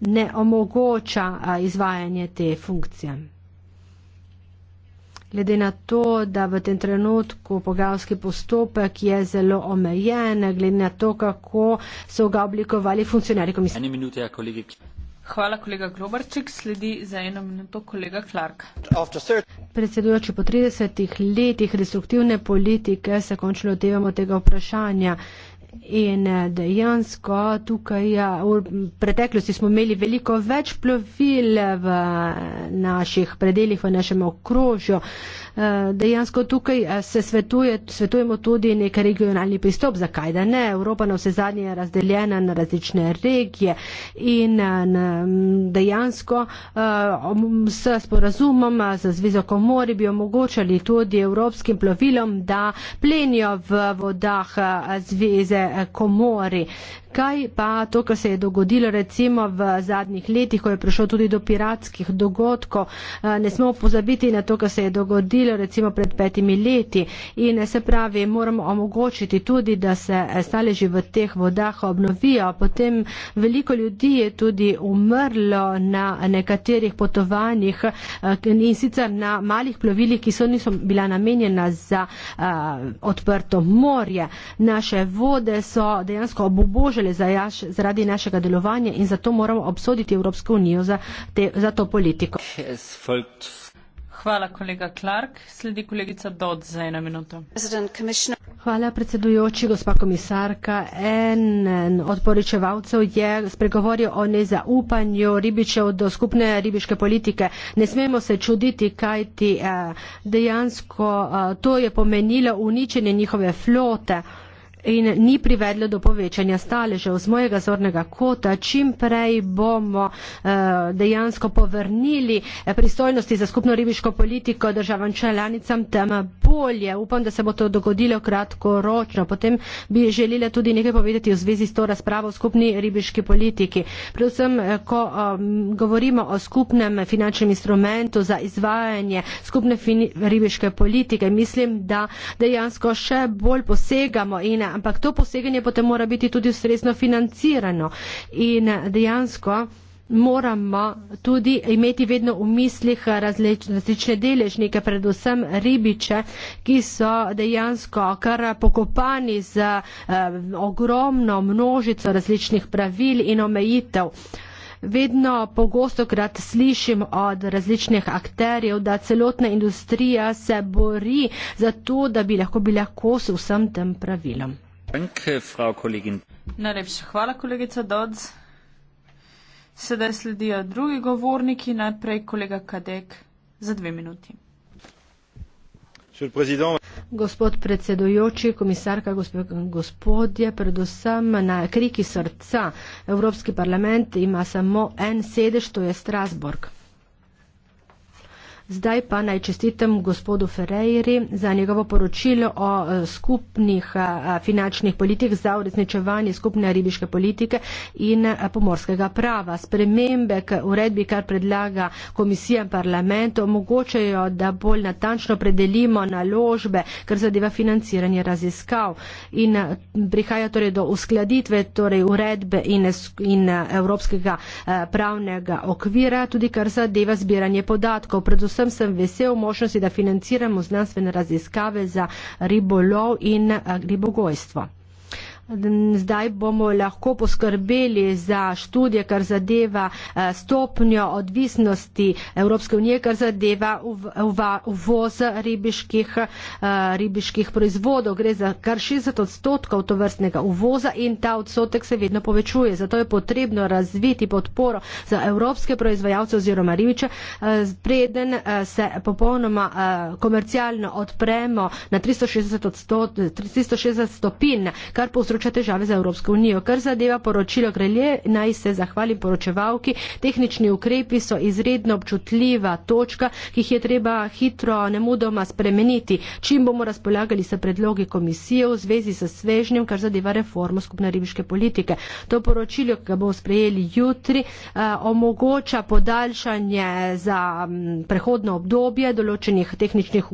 ne omogoča izvajanje te funkcije. Glede na to, da v tem trenutku pogajalski postopek je zelo omejen, glede na to, kako so ga oblikovali funkcionarji komisije. Hvala, kolega Globarček. Sledi za eno minuto kolega Clark. Predsedujoči, po 30 letih destruktivne politike se končno odevamo tega vprašanja. In eh, dejansko tukaj eh, v preteklosti smo imeli veliko več plovil eh, v naših predeljih, v našem okrožju. Eh, dejansko tukaj eh, se svetuje, svetujemo tudi nek regionalni pristop, zakaj da ne. Evropa na vse zadnje je razdeljena na različne regije in eh, dejansko s sporazumom za Zvezo Komori bi omogočali tudi evropskim plovilom, da plenijo v vodah Zveze Komori. Kaj pa to, kar se je dogodilo recimo v zadnjih letih, ko je prišlo tudi do piratskih dogodkov, eh, ne smemo pozabiti na to, kar se je dogodilo recimo pred petimi leti in eh, se pravi, moramo omogočiti tudi, da se eh, staleži v teh vodah obnovijo. Potem veliko ljudi je tudi umrlo na nekaterih potovanjih in sicer na malih plovilih, ki so niso bila namenjena za uh, odprto morje. Naše vode so dejansko obubožene zaslužili za jaš, zaradi našega delovanja in zato moramo obsoditi Evropsko unijo za, te, za to politiko. Hvala, kolega Clark. Sledi kolegica Dodd za eno minuto. Hvala, predsedujoči, gospa komisarka. En od poričevalcev je spregovoril o nezaupanju ribičev do skupne ribiške politike. Ne smemo se čuditi, kaj ti eh, dejansko eh, to je pomenilo uničenje njihove flote in ni privedlo do povečanja staležev. Z mojega zornega kota čim prej bomo eh, dejansko povrnili eh, pristojnosti za skupno ribiško politiko državam članicam, tam bolje. Upam, da se bo to dogodilo kratkoročno. Potem bi želela tudi nekaj povedati v zvezi s to razpravo o skupni ribiški politiki. Predvsem, eh, ko um, govorimo o skupnem finančnem instrumentu za izvajanje skupne ribiške politike, mislim, da dejansko še bolj posegamo in ampak to poseganje potem mora biti tudi ustrezno financirano in dejansko moramo tudi imeti vedno v mislih različne deležnike, predvsem ribiče, ki so dejansko kar pokopani z eh, ogromno množico različnih pravil in omejitev. Eh, Vedno pogosto krat slišim od različnih akterjev, da celotna industrija se bori za to, da bi lahko bila kos vsem tem pravilom. Najlepša hvala, kolegica Dodz. Sedaj sledijo drugi govorniki, najprej kolega Kadek za dve minuti. Gospod predsedujoči, komisarka, gospodje, predvsem na kriki srca Evropski parlament ima samo en sedež, to je Strasburg. Zdaj pa naj čestitam gospodu Ferreiri za njegovo poročilo o eh, skupnih eh, finančnih politik za uresničevanje skupne ribiške politike in eh, pomorskega prava. Spremembe k uredbi, kar predlaga komisija in parlament, omogočajo, da bolj natančno predelimo naložbe, kar zadeva financiranje raziskav. In prihaja torej do uskladitve torej uredbe in, in evropskega pravnega okvira, tudi kar zadeva zbiranje podatkov, predvsem predvsem sem vesel možnosti, da financiramo znanstvene raziskave za ribolov in eh, ribogojstvo zdaj bomo lahko poskrbeli za študije, kar zadeva eh, stopnjo odvisnosti Evropske unije, kar zadeva uvoz ribiških, eh, ribiških proizvodov. Gre za kar 60 odstotkov to vrstnega uvoza in ta odstotek se vedno povečuje. Zato je potrebno razviti podporo za evropske proizvajalce oziroma ribiče, eh, preden se popolnoma komercialno odpremo na 360, odstot, 360 stopin, kar povzroča področja težave za Evropsko unijo. Kar zadeva poročilo Grelje, naj se zahvali poročevalki. Tehnični ukrepi so izredno občutljiva točka, ki jih je treba hitro, nemudoma spremeniti. Čim bomo razpolagali s predlogi komisije v zvezi s svežnjem, kar zadeva reformo skupne ribiške politike. To poročilo, ki ga bomo sprejeli jutri, eh, omogoča podaljšanje za mm, prehodno obdobje določenih tehničnih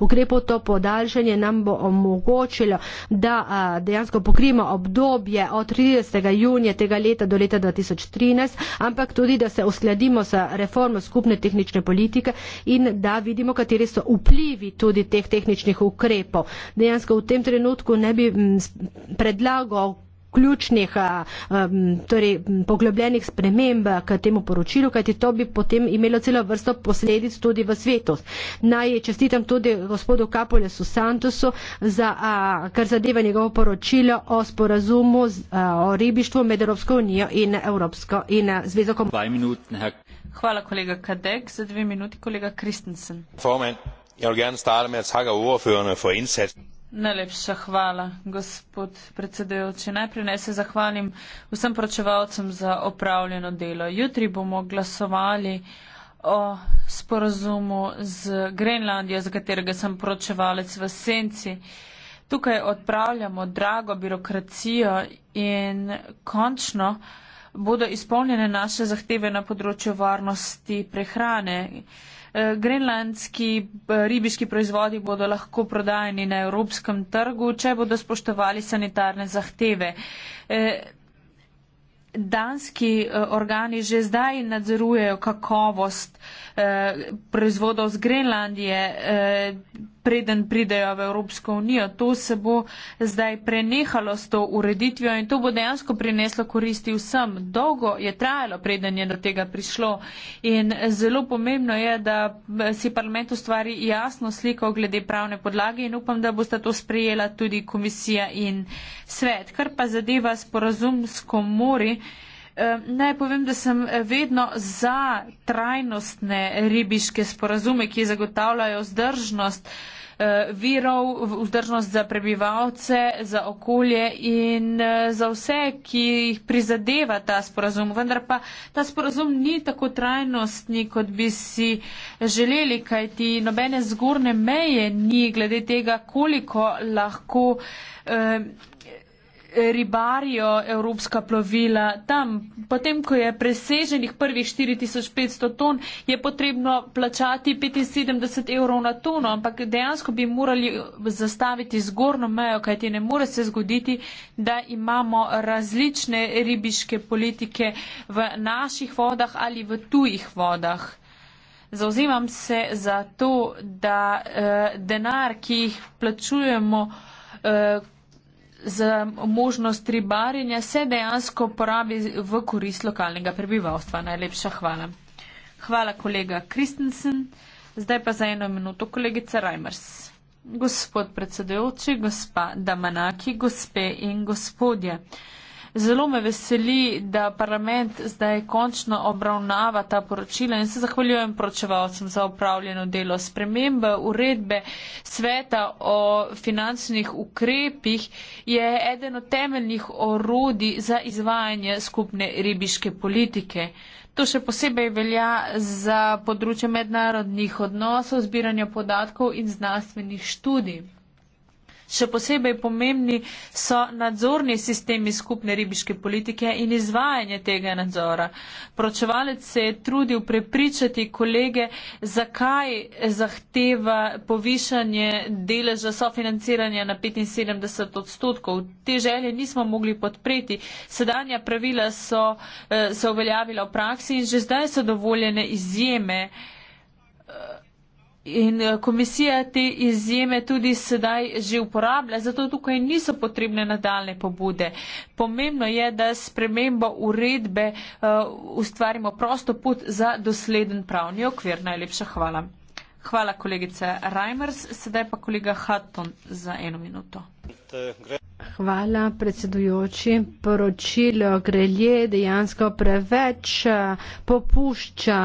ukrepov. To podaljšanje nam bo omogočilo, da eh, dejansko pokrijemo obdobje od 30. junija tega leta do leta 2013, ampak tudi, da se uskladimo sa reformo skupne tehnične politike in da vidimo, kateri so vplivi tudi teh tehničnih ukrepov. Dejansko v tem trenutku ne bi predlagal ključnih, torej poglobljenih sprememb eh, k temu poročilu, kajti to bi potem imelo celo vrsto posledic tudi v svetu. Naj čestitam tudi gospodu Kapolesu Santosu, za, a, kar zadeva njegovo poročilo o sporazumu z, a, o ribištvu med Evropsko unijo in, Evropsko, in eh, Zvezo komunistov. Hvala kolega Kadek. Za dve minuti kolega Kristensen. Formen, jaz bi rad začel s hvala uvoženemu za insekt. Najlepša hvala, gospod predsedujoči. Najprej naj se zahvalim vsem poročevalcem za opravljeno delo. Jutri bomo glasovali o sporozumu z Grenlandijo, za katerega sem poročevalec v senci. Tukaj odpravljamo drago birokracijo in končno bodo izpolnjene naše zahteve na področju varnosti prehrane. Eh, grenlandski eh, ribiški proizvodi bodo lahko prodajeni na evropskem trgu, če bodo spoštovali sanitarne zahteve. Eh, danski eh, organi že zdaj nadzorujejo kakovost eh, proizvodov z Grenlandije, eh, preden pridejo v Evropsko unijo. To se bo zdaj prenehalo s to ureditvijo in to bo dejansko prineslo koristi vsem. Dolgo je trajalo, preden je do tega prišlo. In zelo pomembno je, da eh, si parlament ustvari jasno sliko glede pravne podlage in upam, da boste to sprejela tudi komisija in svet. Kar pa zadeva sporazumsko mori, Ehm, naj povem, da sem vedno za trajnostne ribiške sporazume, ki zagotavljajo zdržnost eh, virov, vzdržnost za prebivalce, za okolje in eh, za vse, ki jih prizadeva ta sporazum. Vendar pa ta sporazum ni tako trajnostni, kot bi si želeli, kajti nobene zgorne meje ni glede tega, koliko lahko eh, ribarijo evropska plovila tam. Potem, ko je preseženih prvih 4500 ton, je potrebno plačati 75 evrov na tono, ampak dejansko bi morali zastaviti zgornjo mejo, kajti ne more se zgoditi, da imamo različne ribiške politike v naših vodah ali v tujih vodah. Zauzimam se za to, da eh, denar, ki jih plačujemo, eh, za možnost ribarjenja se dejansko porabi v korist lokalnega prebivalstva. Najlepša hvala. Hvala, kolega Kristensen. Zdaj pa za eno minuto, kolegica Reimers. Gospod predsedujoči, gospa Damanaki, gospe in gospodje. Zelo me veseli, da parlament zdaj končno obravnava ta poročila in se zahvaljujem poročevalcem za upravljeno delo. Spremembe uredbe sveta o finančnih ukrepih je eden od temeljnih orodij za izvajanje skupne ribiške politike. To še posebej velja za področje mednarodnih odnosov, zbiranja podatkov in znanstvenih študij. Še posebej pomembni so nadzorni sistemi skupne ribiške politike in izvajanje tega nadzora. Pročevalec se je trudil prepričati kolege, zakaj zahteva povišanje deleža sofinanciranja na 75 odstotkov. Te želje nismo mogli podpreti. Sedanja pravila so eh, se uveljavila v praksi in že zdaj so dovoljene izjeme. In eh, komisija te izjeme tudi sedaj že uporablja, zato tukaj niso potrebne nadaljne pobude. Pomembno je, da spremembo uredbe uh, ustvarimo prosto pot za dosleden pravni okvir. Najlepša hvala. Hvala kolegice Reimers, sedaj pa kolega Hatton za eno minuto. Hvala, predsedujoči. Poročilo grelje dejansko preveč eh, popušča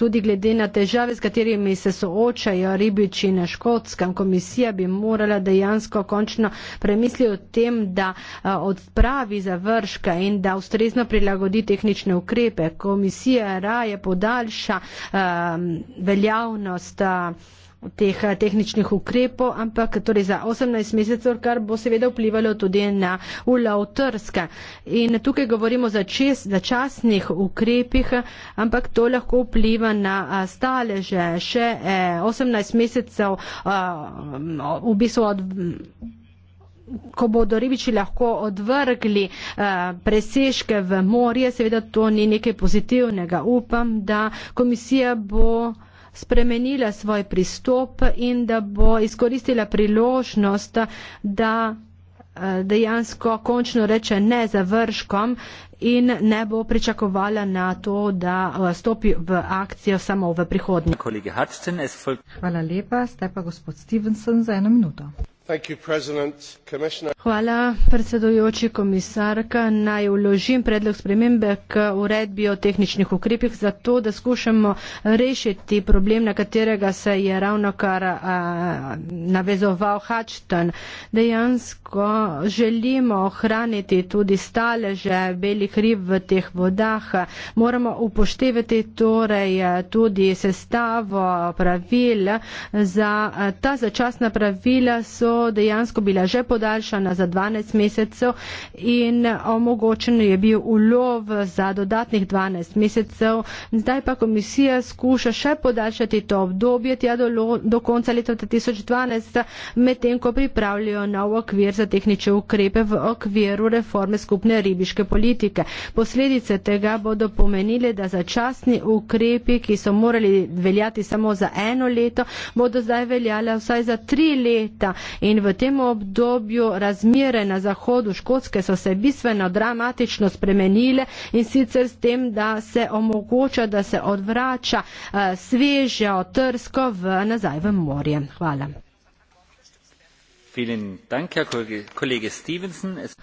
tudi glede na težave, s katerimi se soočajo ribiči na škotskem. Komisija bi morala dejansko končno premisliti o tem, da eh, odpravi završka in da ustrezno prilagodi tehnične ukrepe. Komisija raje podaljša um, veljavnost. Uh, teh eh, tehničnih ukrepov, ampak torej za 18 mesecev, kar bo seveda vplivalo tudi na ulov trska. In tukaj govorimo za čes, začasnih ukrepih, ampak to lahko vpliva na eh, staleže še 18 eh, mesecev v bistvu od ko bodo ribiči lahko odvrgli preseške v morje, seveda to ni nekaj pozitivnega. Upam, da komisija bo spremenila svoj pristop in da bo izkoristila priložnost, da eh, dejansko končno reče ne za vrškom in ne bo pričakovala na to, da eh, stopi v akcijo samo v prihodnje. Hvala lepa, zdaj pa gospod Stevenson za eno minuto. Hvala, predsedujoči komisarka. Naj vložim predlog spremembe k uredbi o tehničnih ukrepih za to, da skušamo rešiti problem, na katerega se je ravno kar navezoval Hačton. Dejansko želimo ohraniti tudi staleže belih rib v teh vodah. Moramo upoštevati torej tudi sestavo pravil. Za ta začasna pravila so dejansko bila že podaljšana za 12 mesecev in omogočen je bil ulov za dodatnih 12 mesecev. Zdaj pa komisija skuša še podaljšati to obdobje tja do, do konca leta 2012, medtem ko pripravljajo nov okvir za tehnične ukrepe v okviru reforme skupne ribiške politike. Posledice tega bodo pomenile, da začasni ukrepi, ki so morali veljati samo za eno leto, bodo zdaj veljale vsaj za tri leta in v tem obdobju razmere na zahodu Škotske so se bistveno dramatično spremenile in sicer s tem, da se omogoča, da se odvrača uh, eh, sveže otrsko v nazaj v morje. Hvala.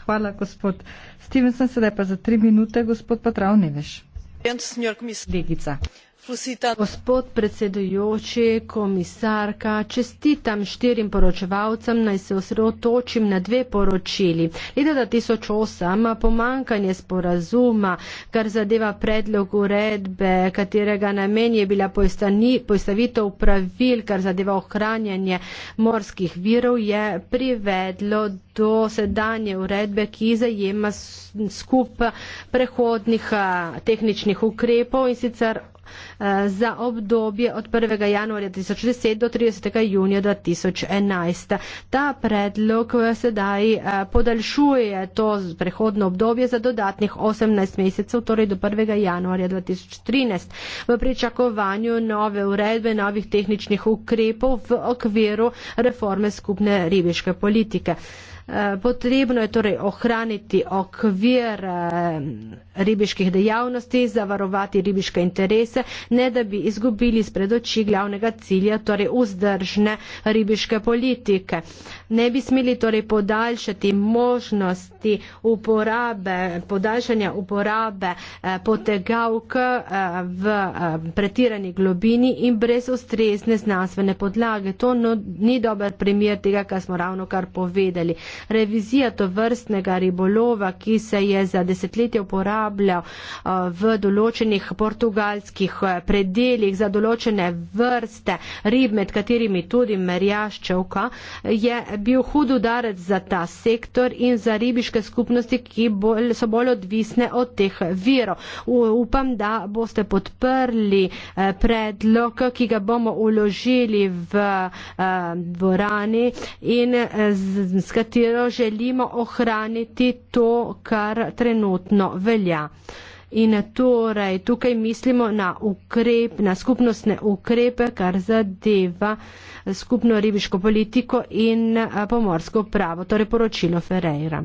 Hvala, gospod Stevenson. Sedaj pa za tri minute, gospod Patrav Neveš. Kolegica. Gospod predsedujoči, komisarka, čestitam štirim poročevalcem, naj se osredotočim na dve poročili. Leta 2008 pomankanje sporazuma, kar zadeva predlog uredbe, katerega namen je bila postavitev pravil, kar zadeva ohranjanje morskih virov, je privedlo do sedanje uredbe, ki zajema skup prehodnih tehničnih ukrepov in sicer Eh, za obdobje od 1. januarja 2010 do 30. junija 2011. Ta predlog eh, sedaj eh, podaljšuje to prehodno obdobje za dodatnih 18 mesecev, torej do 1. januarja 2013, v pričakovanju nove uredbe, novih tehničnih ukrepov v okviru reforme skupne ribiške politike. Eh, potrebno je torej ohraniti okvir eh, ribiških dejavnosti, zavarovati ribiške interese, ne da bi izgubili spred oči glavnega cilja, torej vzdržne ribiške politike. Ne bi smeli torej podaljšati možnost podaljšati uporabe, podaljšanja uporabe eh, potegavk eh, v eh, pretirani globini in brez ustrezne znanstvene podlage. To no, ni dober primer tega, kar smo ravno kar povedali. Revizija to vrstnega ribolova, ki se je za desetletje uporabljal v določenih portugalskih predeljih za določene vrste rib, med katerimi tudi merjaščevka, je bil hud udarec za ta sektor in za ribiško otroške skupnosti, ki bolj, so bolj odvisne od teh virov. U, upam, da boste podprli eh, predlog, ki ga bomo uložili v eh, dvorani in eh, z, z katero želimo ohraniti to, kar trenutno velja. In torej tukaj mislimo na ukrep, na skupnostne ukrepe, kar zadeva eh, skupno ribiško politiko in eh, pomorsko pravo, torej poročilo Ferreira.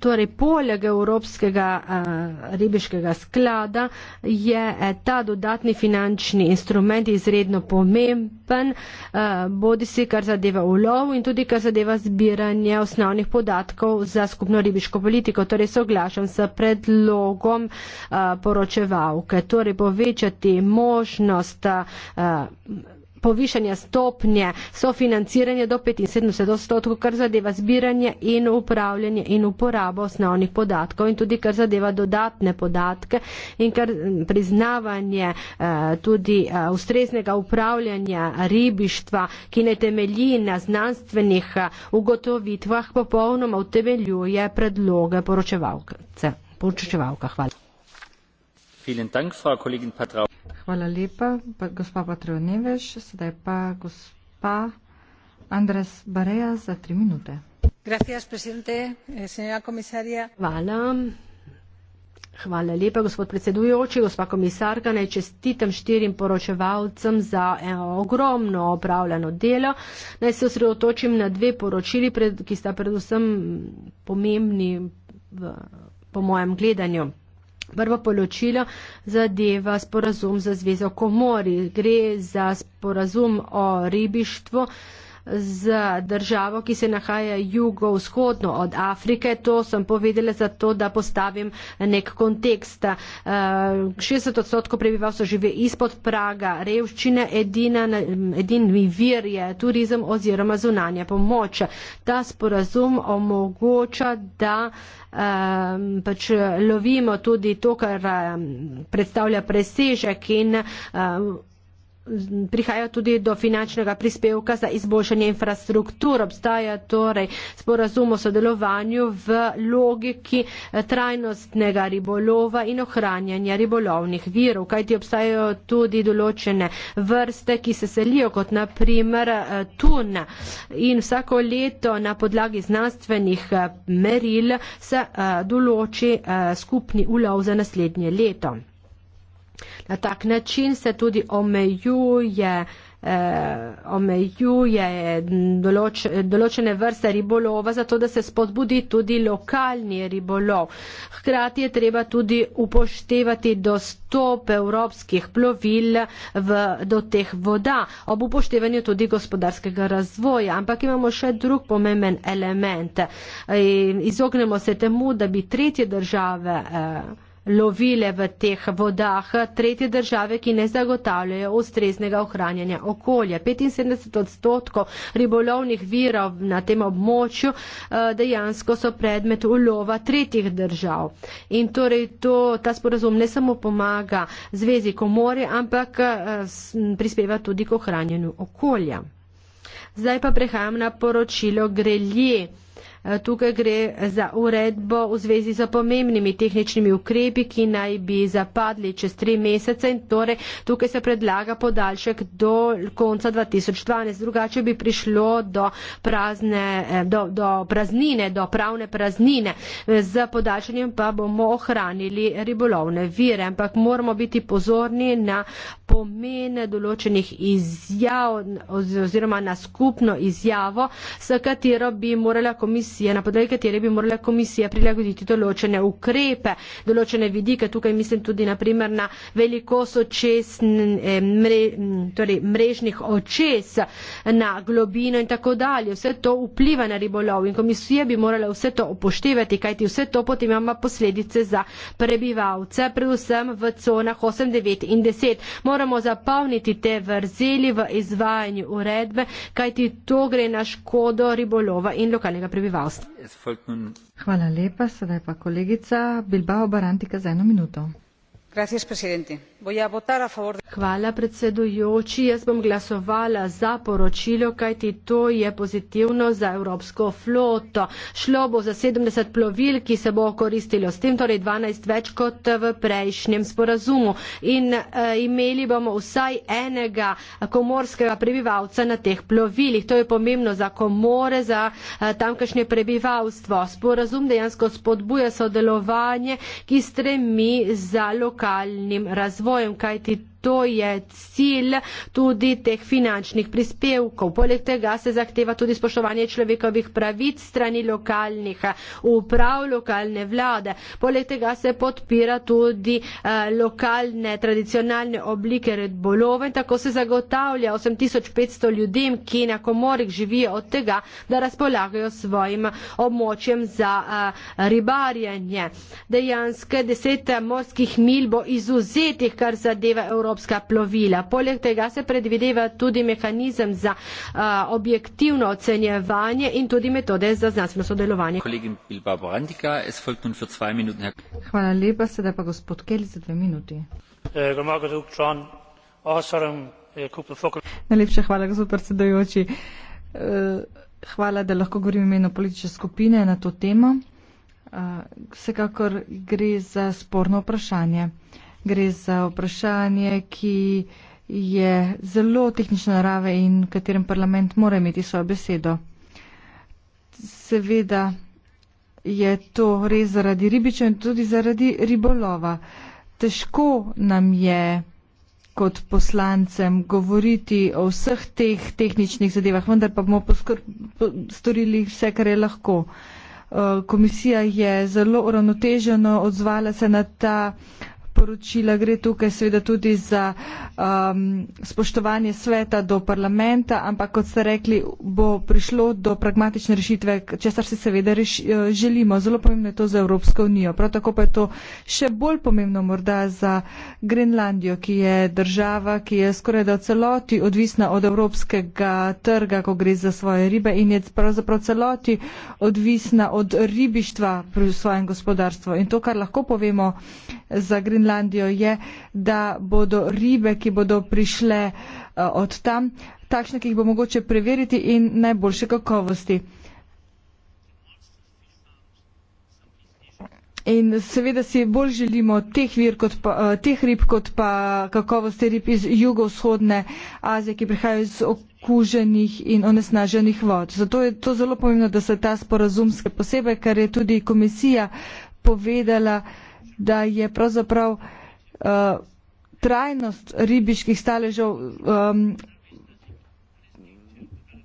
Torej, poleg Evropskega uh, ribiškega sklada je uh, ta dodatni finančni instrument izredno pomemben, uh, eh, bodi si kar zadeva ulov in tudi kar zadeva zbiranje osnovnih podatkov za skupno ribiško politiko. Torej, soglašam s predlogom uh, poročevalke, torej povečati možnost. Uh, povišanja stopnje sofinanciranja do 75 odstotkov, kar zadeva zbiranje in upravljanje in uporabo osnovnih podatkov in tudi kar zadeva dodatne podatke in kar priznavanje eh, tudi eh, ustreznega upravljanja ribištva, ki ne temelji na znanstvenih eh, ugotovitvah, popolnoma utemeljuje predloge poročevalka. Poročevalka, hvala. Hvala lepa, gospa Patrio Neves. Sedaj pa gospa Andres Bareja za tri minute. Eh, Hvala. Hvala lepa, gospod predsedujoči, gospa komisarka. Naj čestitam štirim poročevalcem za eh, ogromno opravljeno delo. Naj se osredotočim na dve poročili, ki sta predvsem pomembni v, po mojem gledanju. Prvo poročilo zadeva sporazum za zvezo Komori. Gre za sporazum o ribištvu z državo, ki se nahaja jugovzhodno od Afrike. To sem povedala zato, da postavim nek kontekst. 60 eh, odstotkov prebivalstva žive izpod praga revščine, edina, edini vir je turizem oziroma zunanja pomoč. Ta sporazum omogoča, da um, pač lovimo tudi to, kar um, predstavlja presežek in um, prihaja tudi do finančnega prispevka za izboljšanje infrastruktur. Obstaja torej sporazum o sodelovanju v logiki eh, trajnostnega ribolova in ohranjanja ribolovnih virov, kajti obstajajo tudi določene vrste, ki se selijo, kot naprimer eh, tuna. In vsako leto na podlagi znanstvenih eh, meril se določi skupni ulov za naslednje leto. Na tak način se tudi omejuje, eh, omejuje določ, določene vrste ribolova, zato da se spodbudi tudi lokalni ribolov. Hkrati je treba tudi upoštevati dostop evropskih plovil v, do teh voda, ob upoštevanju tudi gospodarskega razvoja. Ampak imamo še drug pomemben element. Eh, izognemo se temu, da bi tretje države. Eh, lovile v teh vodah tretje države, ki ne zagotavljajo ustreznega ohranjanja okolja. 75 odstotkov ribolovnih virov na tem območju eh, dejansko so predmet ulova tretjih držav. In torej to, ta sporozum ne samo pomaga zvezi komore, ampak eh, prispeva tudi k ohranjanju okolja. Zdaj pa prehajam na poročilo Grelje. Eh, tukaj gre za uredbo v zvezi z pomembnimi tehničnimi ukrepi, ki naj bi zapadli čez tri mesece in torej tukaj se predlaga podaljšek do konca 2012. Drugače bi prišlo do, prazne, eh, do, do praznine, do pravne praznine. Eh, z podaljšanjem pa bomo ohranili ribolovne vire, ampak moramo biti pozorni na pomen določenih izjav oziroma na skupno izjavo, s katero bi morala komisija komisije, na podlagi katere bi morala komisija prilagoditi določene ukrepe, določene vidike. Tukaj mislim tudi naprimer na velikost očesn, e, mre, torej mrežnih očes, na globino in tako dalje. Vse to vpliva na ribolov in komisija bi morala vse to upoštevati, kajti vse to potem ima posledice za prebivalce, predvsem v conah 8, 9 in 10. Moramo zapolniti te vrzeli v izvajanju uredbe, kajti to gre na škodo ribolova in lokalnega prebivalstva prebivalstva. Hvala lepa, sedaj pa kolegica Bilbao Barantika za eno minuto hvala predsedujoči jaz bom glasovala za poročilo kajti to je pozitivno za evropsko floto šlo bo za sedemdeset plovil ki se bo koristilo s tem torej dvanajst več kot v prejšnjem sporazumu in e, imeli bomo vsaj enega komorskega prebivalca na teh plovilih to je pomembno za komore za e, tamkajšnje prebivalstvo sporazum dejansko spodbuja sodelovanje ki stremi za lokalno lokalnim razvojem, kajti to je cilj tudi teh finančnih prispevkov. Poleg tega se zahteva tudi spoštovanje človekovih pravic strani lokalnih uh, uprav, lokalne vlade. Poleg tega se podpira tudi uh, lokalne tradicionalne oblike redbolova in tako se zagotavlja 8500 ljudem, ki na komorih živijo od tega, da razpolagajo svojim območjem za uh, ribarjenje. Dejansko deset morskih mil bo izuzetih, kar zadeva Evropa evropska plovila. Poleg tega se predvideva tudi mehanizem za a, objektivno ocenjevanje in tudi metode za znanstveno sodelovanje. Hvala lepa, sedaj pa gospod Kelly za dve minuti. Eh, oh, eh, Najlepša hvala, gospod predsedujoči. Eh, hvala, da lahko govorim imeno politične skupine na to temo. Vsekakor gre za sporno vprašanje. Gre za vprašanje, ki je zelo tehnične narave in v katerem parlament mora imeti svojo besedo. Seveda je to res zaradi ribičev in tudi zaradi ribolova. Težko nam je kot poslancem govoriti o vseh teh tehničnih zadevah, vendar pa bomo storili vse, kar je lahko. Uh, komisija je zelo uravnoteženo odzvala se na ta priporočila. Gre tukaj seveda tudi za um, spoštovanje sveta do parlamenta, ampak kot ste rekli, bo prišlo do pragmatične rešitve, česar se seveda reš, eh, želimo. Zelo pomembno je to za Evropsko unijo. Prav tako pa je to še bolj pomembno morda za Grenlandijo, ki je država, ki je skoraj da celoti odvisna od evropskega trga, ko gre za svoje ribe in je pravzaprav celoti odvisna od ribištva pri svojem gospodarstvu. In to, kar lahko povemo za Grenlandijo, Grenlandijo, je, da bodo ribe, ki bodo prišle eh, od tam, takšne, ki jih bo mogoče preveriti in najboljše kakovosti. In seveda si bolj želimo teh, vir, kot pa, eh, teh rib, kot pa kakovosti rib iz jugovzhodne Azije, ki prihajajo iz okuženih in onesnaženih vod. Zato je to zelo pomembno, da se ta sporazum, posebej, kar je tudi komisija povedala, da je pravzaprav uh, trajnost ribiških staležev um,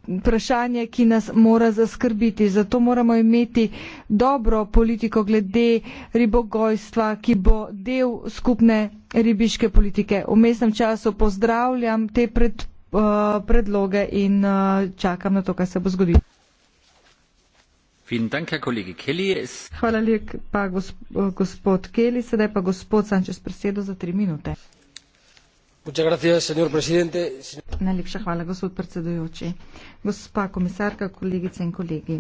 vprašanje, ki nas mora zaskrbiti. Zato moramo imeti dobro politiko glede ribogojstva, ki bo del skupne ribiške politike. V mestnem času pozdravljam te pred, uh, predloge in uh, čakam na to, kaj se bo zgodilo. Hvala lepa, gospod Kelly. Sedaj pa gospod Sanchez presedo za tri minute. Najlepša hvala, gospod predsedujoči. Gospa komisarka, kolegice in kolegi.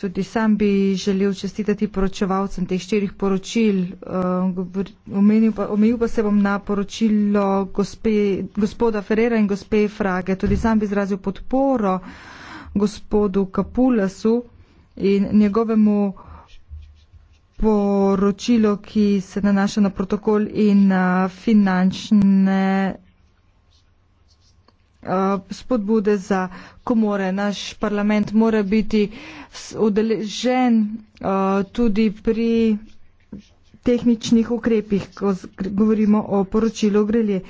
Tudi sam bi želel čestitati poročevalcem teh štirih poročil. Ehm, omenil pa, omenil pa se bom na poročilo gospe, gospoda Ferrera in gospe Frage. Tudi sam bi izrazil podporo gospodu Kapulasu in njegovemu poročilu, ki se nanaša na protokol in na finančne eh, spodbude za komore. Naš parlament mora biti udeležen eh, tudi pri tehničnih ukrepih, ko govorimo o poročilu grelje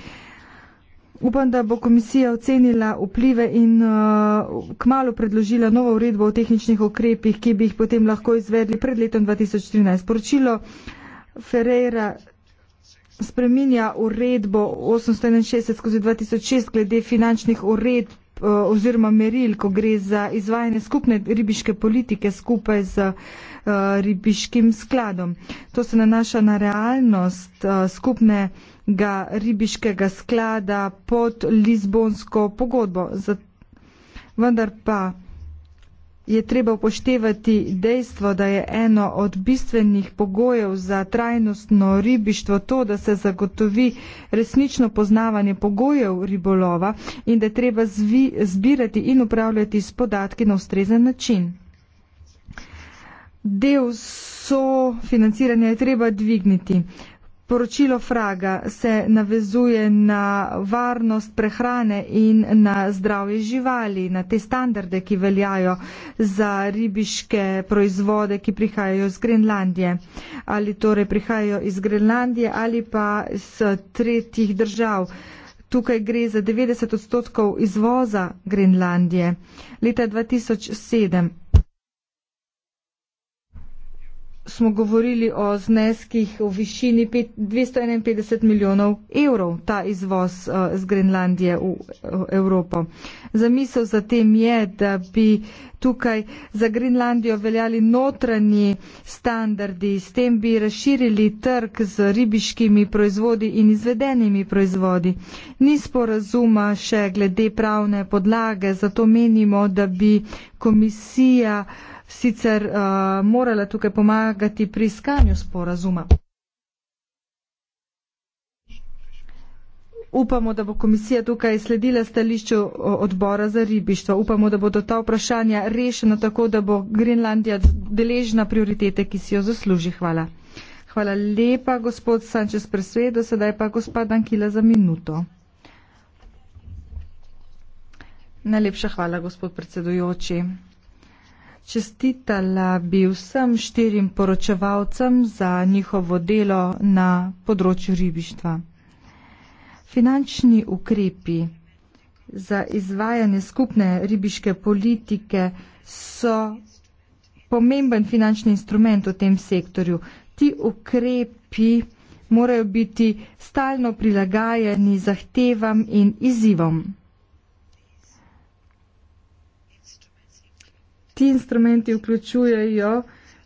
upam, da bo komisija ocenila vplive in uh, kmalo predložila novo uredbo o tehničnih ukrepih, ki bi jih potem lahko izvedli pred letom 2013. Poročilo Ferreira spreminja uredbo 861 skozi 2006 glede finančnih uredb uh, oziroma meril, ko gre za izvajanje skupne ribiške politike skupaj z uh, ribiškim skladom. To se nanaša na realnost uh, skupne politike Ga ribiškega sklada pod Lizbonsko pogodbo. Vendar pa je treba upoštevati dejstvo, da je eno od bistvenih pogojev za trajnostno ribištvo to, da se zagotovi resnično poznavanje pogojev ribolova in da je treba zbirati in upravljati s podatki na ustrezen način. Del so financiranja je treba dvigniti. Sporočilo Fraga se navezuje na varnost prehrane in na zdravje živali, na te standarde, ki veljajo za ribiške proizvode, ki prihajajo iz Grenlandije. Ali torej prihajajo iz Grenlandije ali pa iz tretjih držav. Tukaj gre za 90 odstotkov izvoza Grenlandije. Leta 2007 smo govorili o zneskih v višini 251 milijonov evrov, ta izvoz eh, z Grenlandije v Evropo. Zamisel za tem je, da bi tukaj za Grenlandijo veljali notranji standardi, s tem bi razširili trg z ribiškimi proizvodi in izvedenimi proizvodi. Ni sporazuma še glede pravne podlage, zato menimo, da bi komisija sicer uh, morala tukaj pomagati pri iskanju sporazuma. Upamo, da bo komisija tukaj sledila stališču odbora za ribištvo. Upamo, da bodo ta vprašanja rešena tako, da bo Grenlandija deležna prioritete, ki si jo zasluži. Hvala. Hvala lepa, gospod Sančes Presvedo, sedaj pa gospa Dankila za minuto. Najlepša hvala, gospod predsedujoči. Čestitala bi vsem štirim poročevalcem za njihovo delo na področju ribištva. Finančni ukrepi za izvajanje skupne ribiške politike so pomemben finančni instrument v tem sektorju. Ti ukrepi morajo biti stalno prilagajeni zahtevam in izzivom. Ti instrumenti vključujejo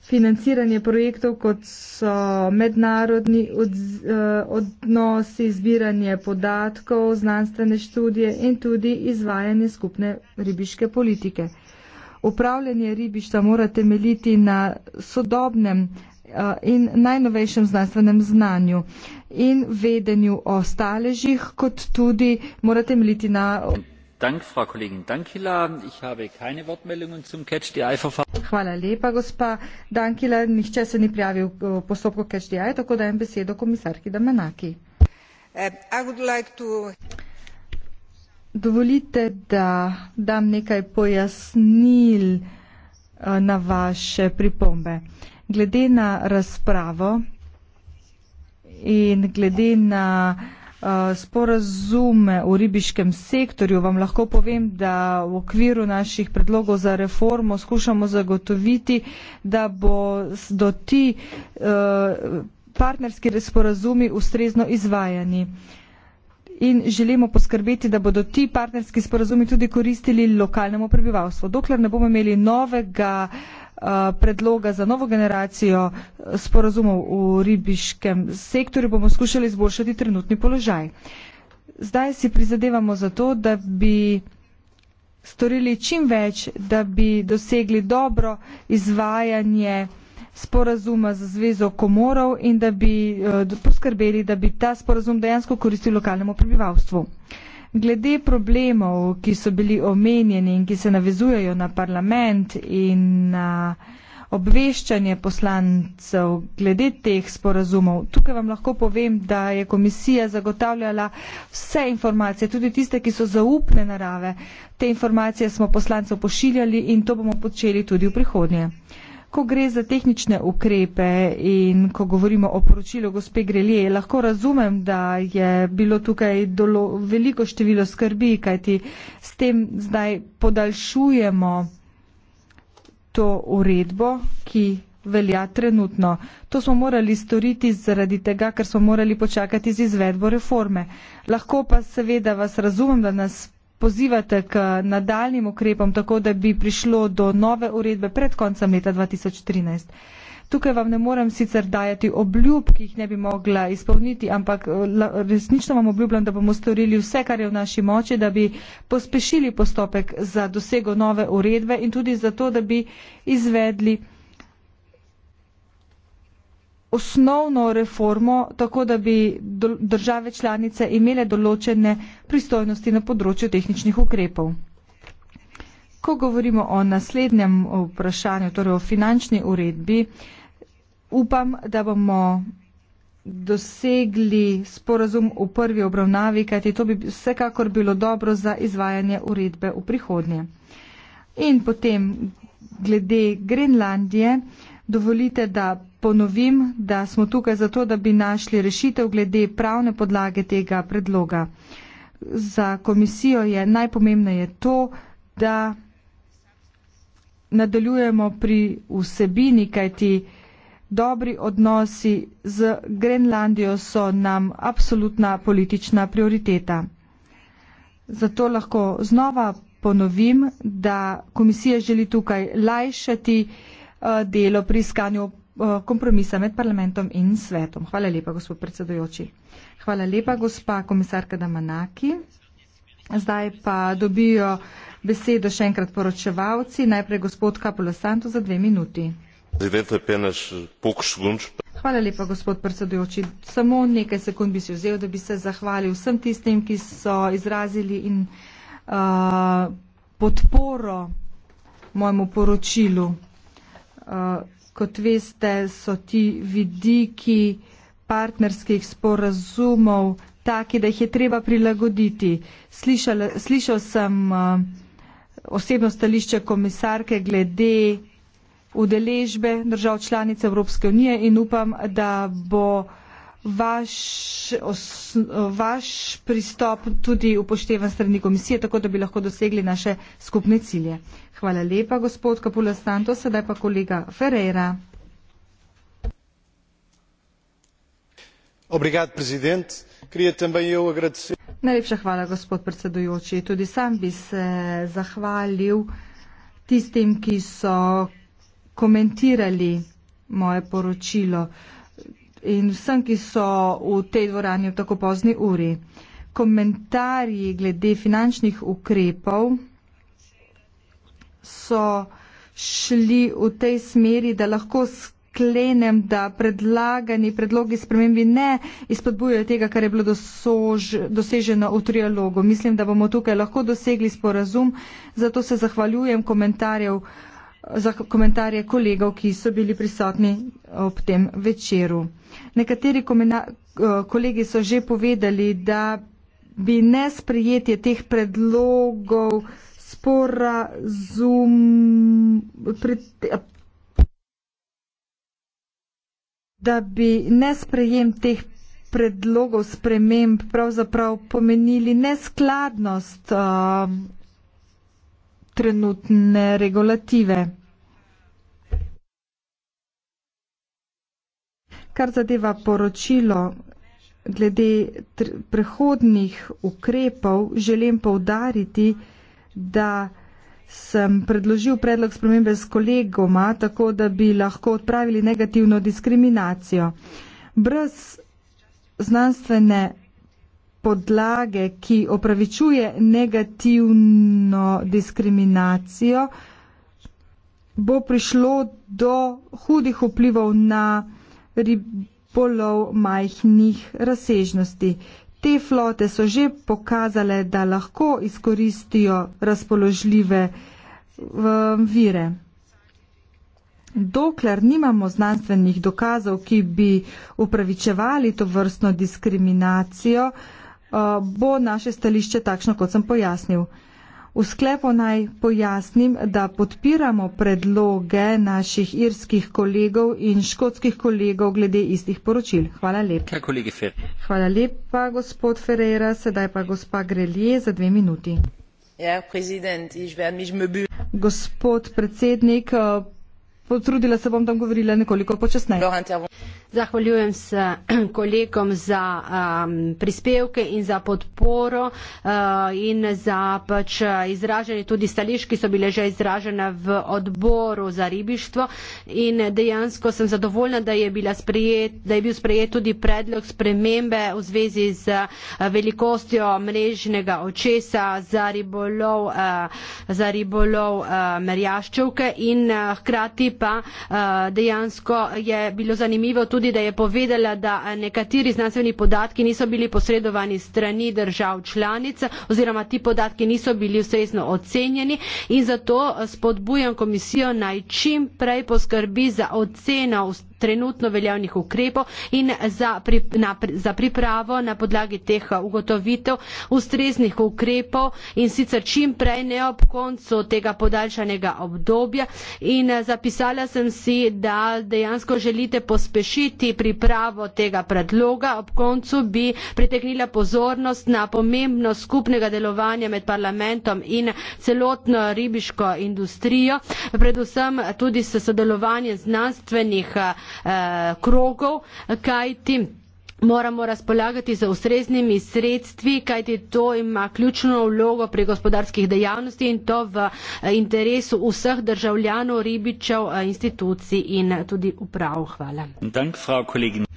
financiranje projektov, kot so mednarodni eh, odnosi, zbiranje podatkov, znanstvene študije in tudi izvajanje skupne ribiške politike. Upravljanje ribišta mora temeljiti na sodobnem eh, in najnovejšem znanstvenem znanju in vedenju o staležih, kot tudi mora temeljiti na hvala lepa gospa dankila nihče se ni prijavil v postopku catch the eye tako dajem besedo komisarki damanaki eh, dovolite da dam nekaj pojasnil eh, na vaše pripombe glede na razpravo in glede na Eh, sporazume v ribiškem sektorju, vam lahko povem, da v okviru naših predlogov za reformo skušamo zagotoviti, da bo do ti eh, partnerski sporazumi ustrezno izvajani. In želimo poskrbeti, da bodo ti partnerski sporazumi tudi koristili lokalnemu prebivalstvu. Dokler ne bomo imeli novega Eh, predloga za novo generacijo eh, sporazumov v ribiškem sektorju bomo skušali izboljšati trenutni položaj. Zdaj si prizadevamo za to, da bi storili čim več, da bi dosegli dobro izvajanje sporazuma za zvezo komorov in da bi eh, poskrbeli, da bi ta sporazum dejansko koristil lokalnemu prebivalstvu. Glede problemov, ki so bili omenjeni in ki se navezujejo na parlament in na obveščanje poslancev glede teh sporazumov, tukaj vam lahko povem, da je komisija zagotavljala vse informacije, tudi tiste, ki so zaupne narave. Te informacije smo poslancev pošiljali in to bomo počeli tudi v prihodnje ko gre za tehnične ukrepe in ko govorimo o poročilu gospe Grelje, lahko razumem, da je bilo tukaj dolo, veliko število skrbi, kajti s tem zdaj podaljšujemo to uredbo, ki velja trenutno. To smo morali storiti zaradi tega, ker smo morali počakati z izvedbo reforme. Lahko pa seveda vas razumem, da nas pozivate k nadaljnim ukrepom, tako da bi prišlo do nove uredbe pred koncem leta 2013. Tukaj vam ne morem sicer dajati obljub, ki jih ne bi mogla izpolniti, ampak eh, resnično vam obljubljam, da bomo storili vse, kar je v naši moči, da bi pospešili postopek za dosego nove uredbe in tudi zato, da bi izvedli osnovno reformo, tako da bi države članice imele določene pristojnosti na področju tehničnih ukrepov. Ko govorimo o naslednjem vprašanju, torej o finančni uredbi, upam, da bomo dosegli sporazum v prvi obravnavi, kajti to bi vsekakor bilo dobro za izvajanje uredbe v prihodnje. In potem glede Grenlandije. Dovolite, da ponovim, da smo tukaj zato, da bi našli rešitev glede pravne podlage tega predloga. Za komisijo je najpomembneje to, da nadaljujemo pri vsebini, kajti dobri odnosi z Grenlandijo so nam apsolutna politična prioriteta. Zato lahko znova ponovim, da komisija želi tukaj lajšati Eh, delo pri iskanju eh, kompromisa med parlamentom in svetom. Hvala lepa, gospod predsedujoči. Hvala lepa, gospa komisarka Damanaki. Zdaj pa dobijo besedo še enkrat poročevalci. Najprej gospod Kapolo Santo za dve minuti. Hvala lepa, gospod predsedujoči. Samo nekaj sekund bi si vzel, da bi se zahvalil vsem tistim, ki so izrazili in uh, podporo mojemu poročilu. Eh, kot veste, so ti vidiki partnerskih sporazumov taki, da jih je treba prilagoditi. Slišal, slišal sem uh, osebno stališče komisarke glede udeležbe držav članic Evropske unije in upam, da bo uh, vaš, vaš pristop tudi upoštevan strani komisije, tako da bi lahko dosegli naše skupne cilje. Hvala lepa, gospod Kapula Santo, sedaj pa kolega Ferreira. Obrigat, prezident. Najlepša hvala, gospod predsedujoči. Tudi sam bi se zahvalil tistim, ki so komentirali moje poročilo. Uh, in vsem, ki so v tej dvorani v tako pozni uri. Komentarji glede finančnih ukrepov so šli v tej smeri, da lahko sklenem, da predlagani predlogi spremembi ne izpodbujajo tega, kar je bilo dosož, doseženo v trialogu. Mislim, da bomo tukaj lahko dosegli sporazum, zato se zahvaljujem komentarjev za komentarje kolegov, ki so bili prisotni eh, ob tem večeru. Nekateri eh, kolegi so že povedali, da bi nesprejetje teh predlogov sporazum da bi nesprejem teh predlogov sprememb pravzaprav pomenili neskladnost uh, trenutne regulative. Kar zadeva poročilo glede prehodnih ukrepov, želim povdariti, da sem predložil predlog spremembe s kolegoma, tako da bi lahko odpravili negativno diskriminacijo. Brez znanstvene podlage, ki opravičuje negativno diskriminacijo, bo prišlo do hudih vplivov na ribolov majhnih razsežnosti. Te flote so že pokazale, da lahko izkoristijo razpoložljive um, vire. Dokler nimamo znanstvenih dokazov, ki bi upravičevali to vrstno diskriminacijo, Eh, bo naše stališče takšno, kot sem pojasnil. V sklepo naj pojasnim, da podpiramo predloge naših irskih kolegov in škotskih kolegov glede istih poročil. Hvala lepa. Hvala lepa, gospod Ferreira. Sedaj pa gospa Grelje za dve minuti. Gospod predsednik, eh, Potrudila se bom, da bom govorila nekoliko počasneje. Zahvaljujem se *clears throat* kolegom za um, prispevke in za podporo uh, in za pač uh, izražanje tudi stališ, ki so bile že izražene v odboru za ribištvo. In dejansko sem zadovoljna, da je, sprejet, da je bil sprejet tudi predlog spremembe v zvezi z uh, velikostjo mrežnega očesa za ribolov, uh, ribolov uh, merjaščevke in uh, hkrati lepa. Eh, dejansko je bilo zanimivo tudi, da je povedala, da eh, nekateri znanstveni podatki niso bili posredovani strani držav članic oziroma ti podatki niso bili ustrezno ocenjeni in zato eh, spodbujam komisijo naj čim prej poskrbi za oceno ustrezno trenutno veljavnih ukrepov in za, pri, na, za pripravo na podlagi teh ugotovitev ustreznih ukrepov in sicer čim prej ne ob koncu tega podaljšanega obdobja. In eh, zapisala sem si, da dejansko želite pospešiti pripravo tega predloga. Ob koncu bi pritegnila pozornost na pomembnost skupnega delovanja med parlamentom in celotno ribiško industrijo, predvsem tudi s sodelovanjem znanstvenih eh, eh, krogov, kajti moramo razpolagati z ustreznimi sredstvi, kajti to ima ključno vlogo pri gospodarskih dejavnosti in to v eh, interesu vseh državljanov, ribičev, eh, institucij in tudi uprav. Hvala. Dank, frau,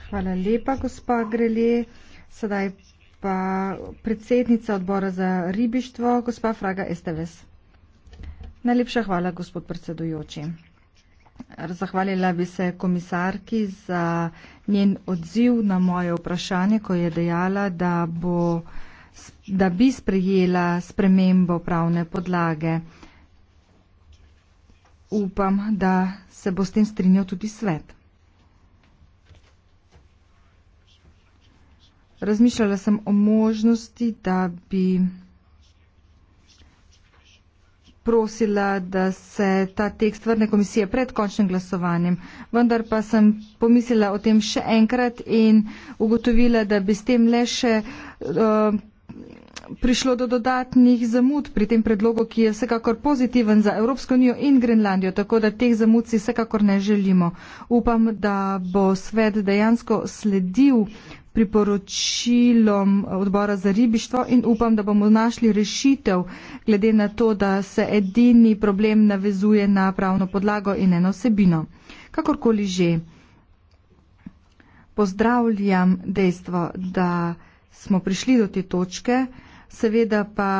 Hvala lepa, gospa Grelje. Sedaj pa predsednica odbora za ribištvo, gospa Fraga Esteves. Najlepša hvala, gospod predsedujoči. Zahvalila bi se komisarki za njen odziv na moje vprašanje, ko je dejala, da, bo, da bi sprejela spremembo pravne podlage. Upam, da se bo s tem strinjal tudi svet. Razmišljala sem o možnosti, da bi prosila, da se ta tekst vrne komisije pred končnim glasovanjem. Vendar pa sem pomislila o tem še enkrat in ugotovila, da bi s tem le še uh, prišlo do dodatnih zamud pri tem predlogu, ki je vsekakor pozitiven za Evropsko unijo in Grenlandijo. Tako da teh zamud si vsekakor ne želimo. Upam, da bo svet dejansko sledil priporočilom odbora za ribištvo in upam, da bomo našli rešitev, glede na to, da se edini problem navezuje na pravno podlago in eno vsebino. Kakorkoli že, pozdravljam dejstvo, da smo prišli do te točke, seveda pa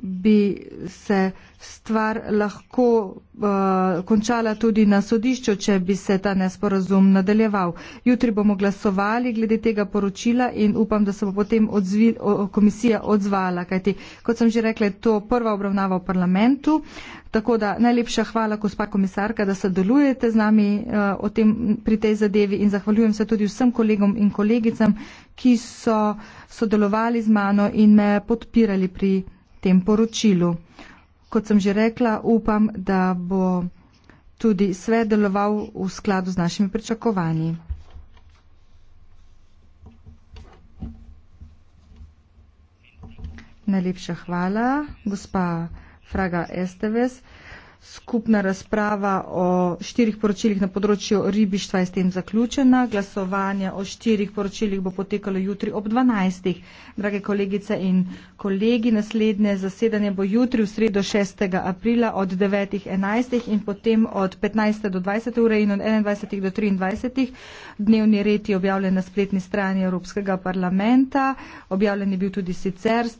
bi se stvar lahko uh, končala tudi na sodišču, če bi se ta nesporazum nadaljeval. Jutri bomo glasovali glede tega poročila in upam, da se bo potem odzvi, o, komisija odzvala, kajti, kot sem že rekla, je to prva obravnava v parlamentu. Tako da najlepša hvala, gospa komisarka, da sodelujete z nami uh, o tem, pri tej zadevi in zahvaljujem se tudi vsem kolegom in kolegicam, ki so sodelovali z mano in me podpirali pri tem poročilu. Kot sem že rekla, upam, da bo tudi svet deloval v skladu z našimi pričakovanji. Najlepša hvala, gospa Fraga Esteves. Skupna razprava o štirih poročilih na področju ribištva je s tem zaključena. Glasovanje o štirih poročilih bo potekalo jutri ob 12. Drage kolegice in kolegi, naslednje zasedanje bo jutri v sredo 6. aprila od 9.11. in potem od 15. do 20. ure in od 21. do 23. Dnevni red je objavljen na spletni strani Evropskega parlamenta. Objavljen je bil tudi sicer.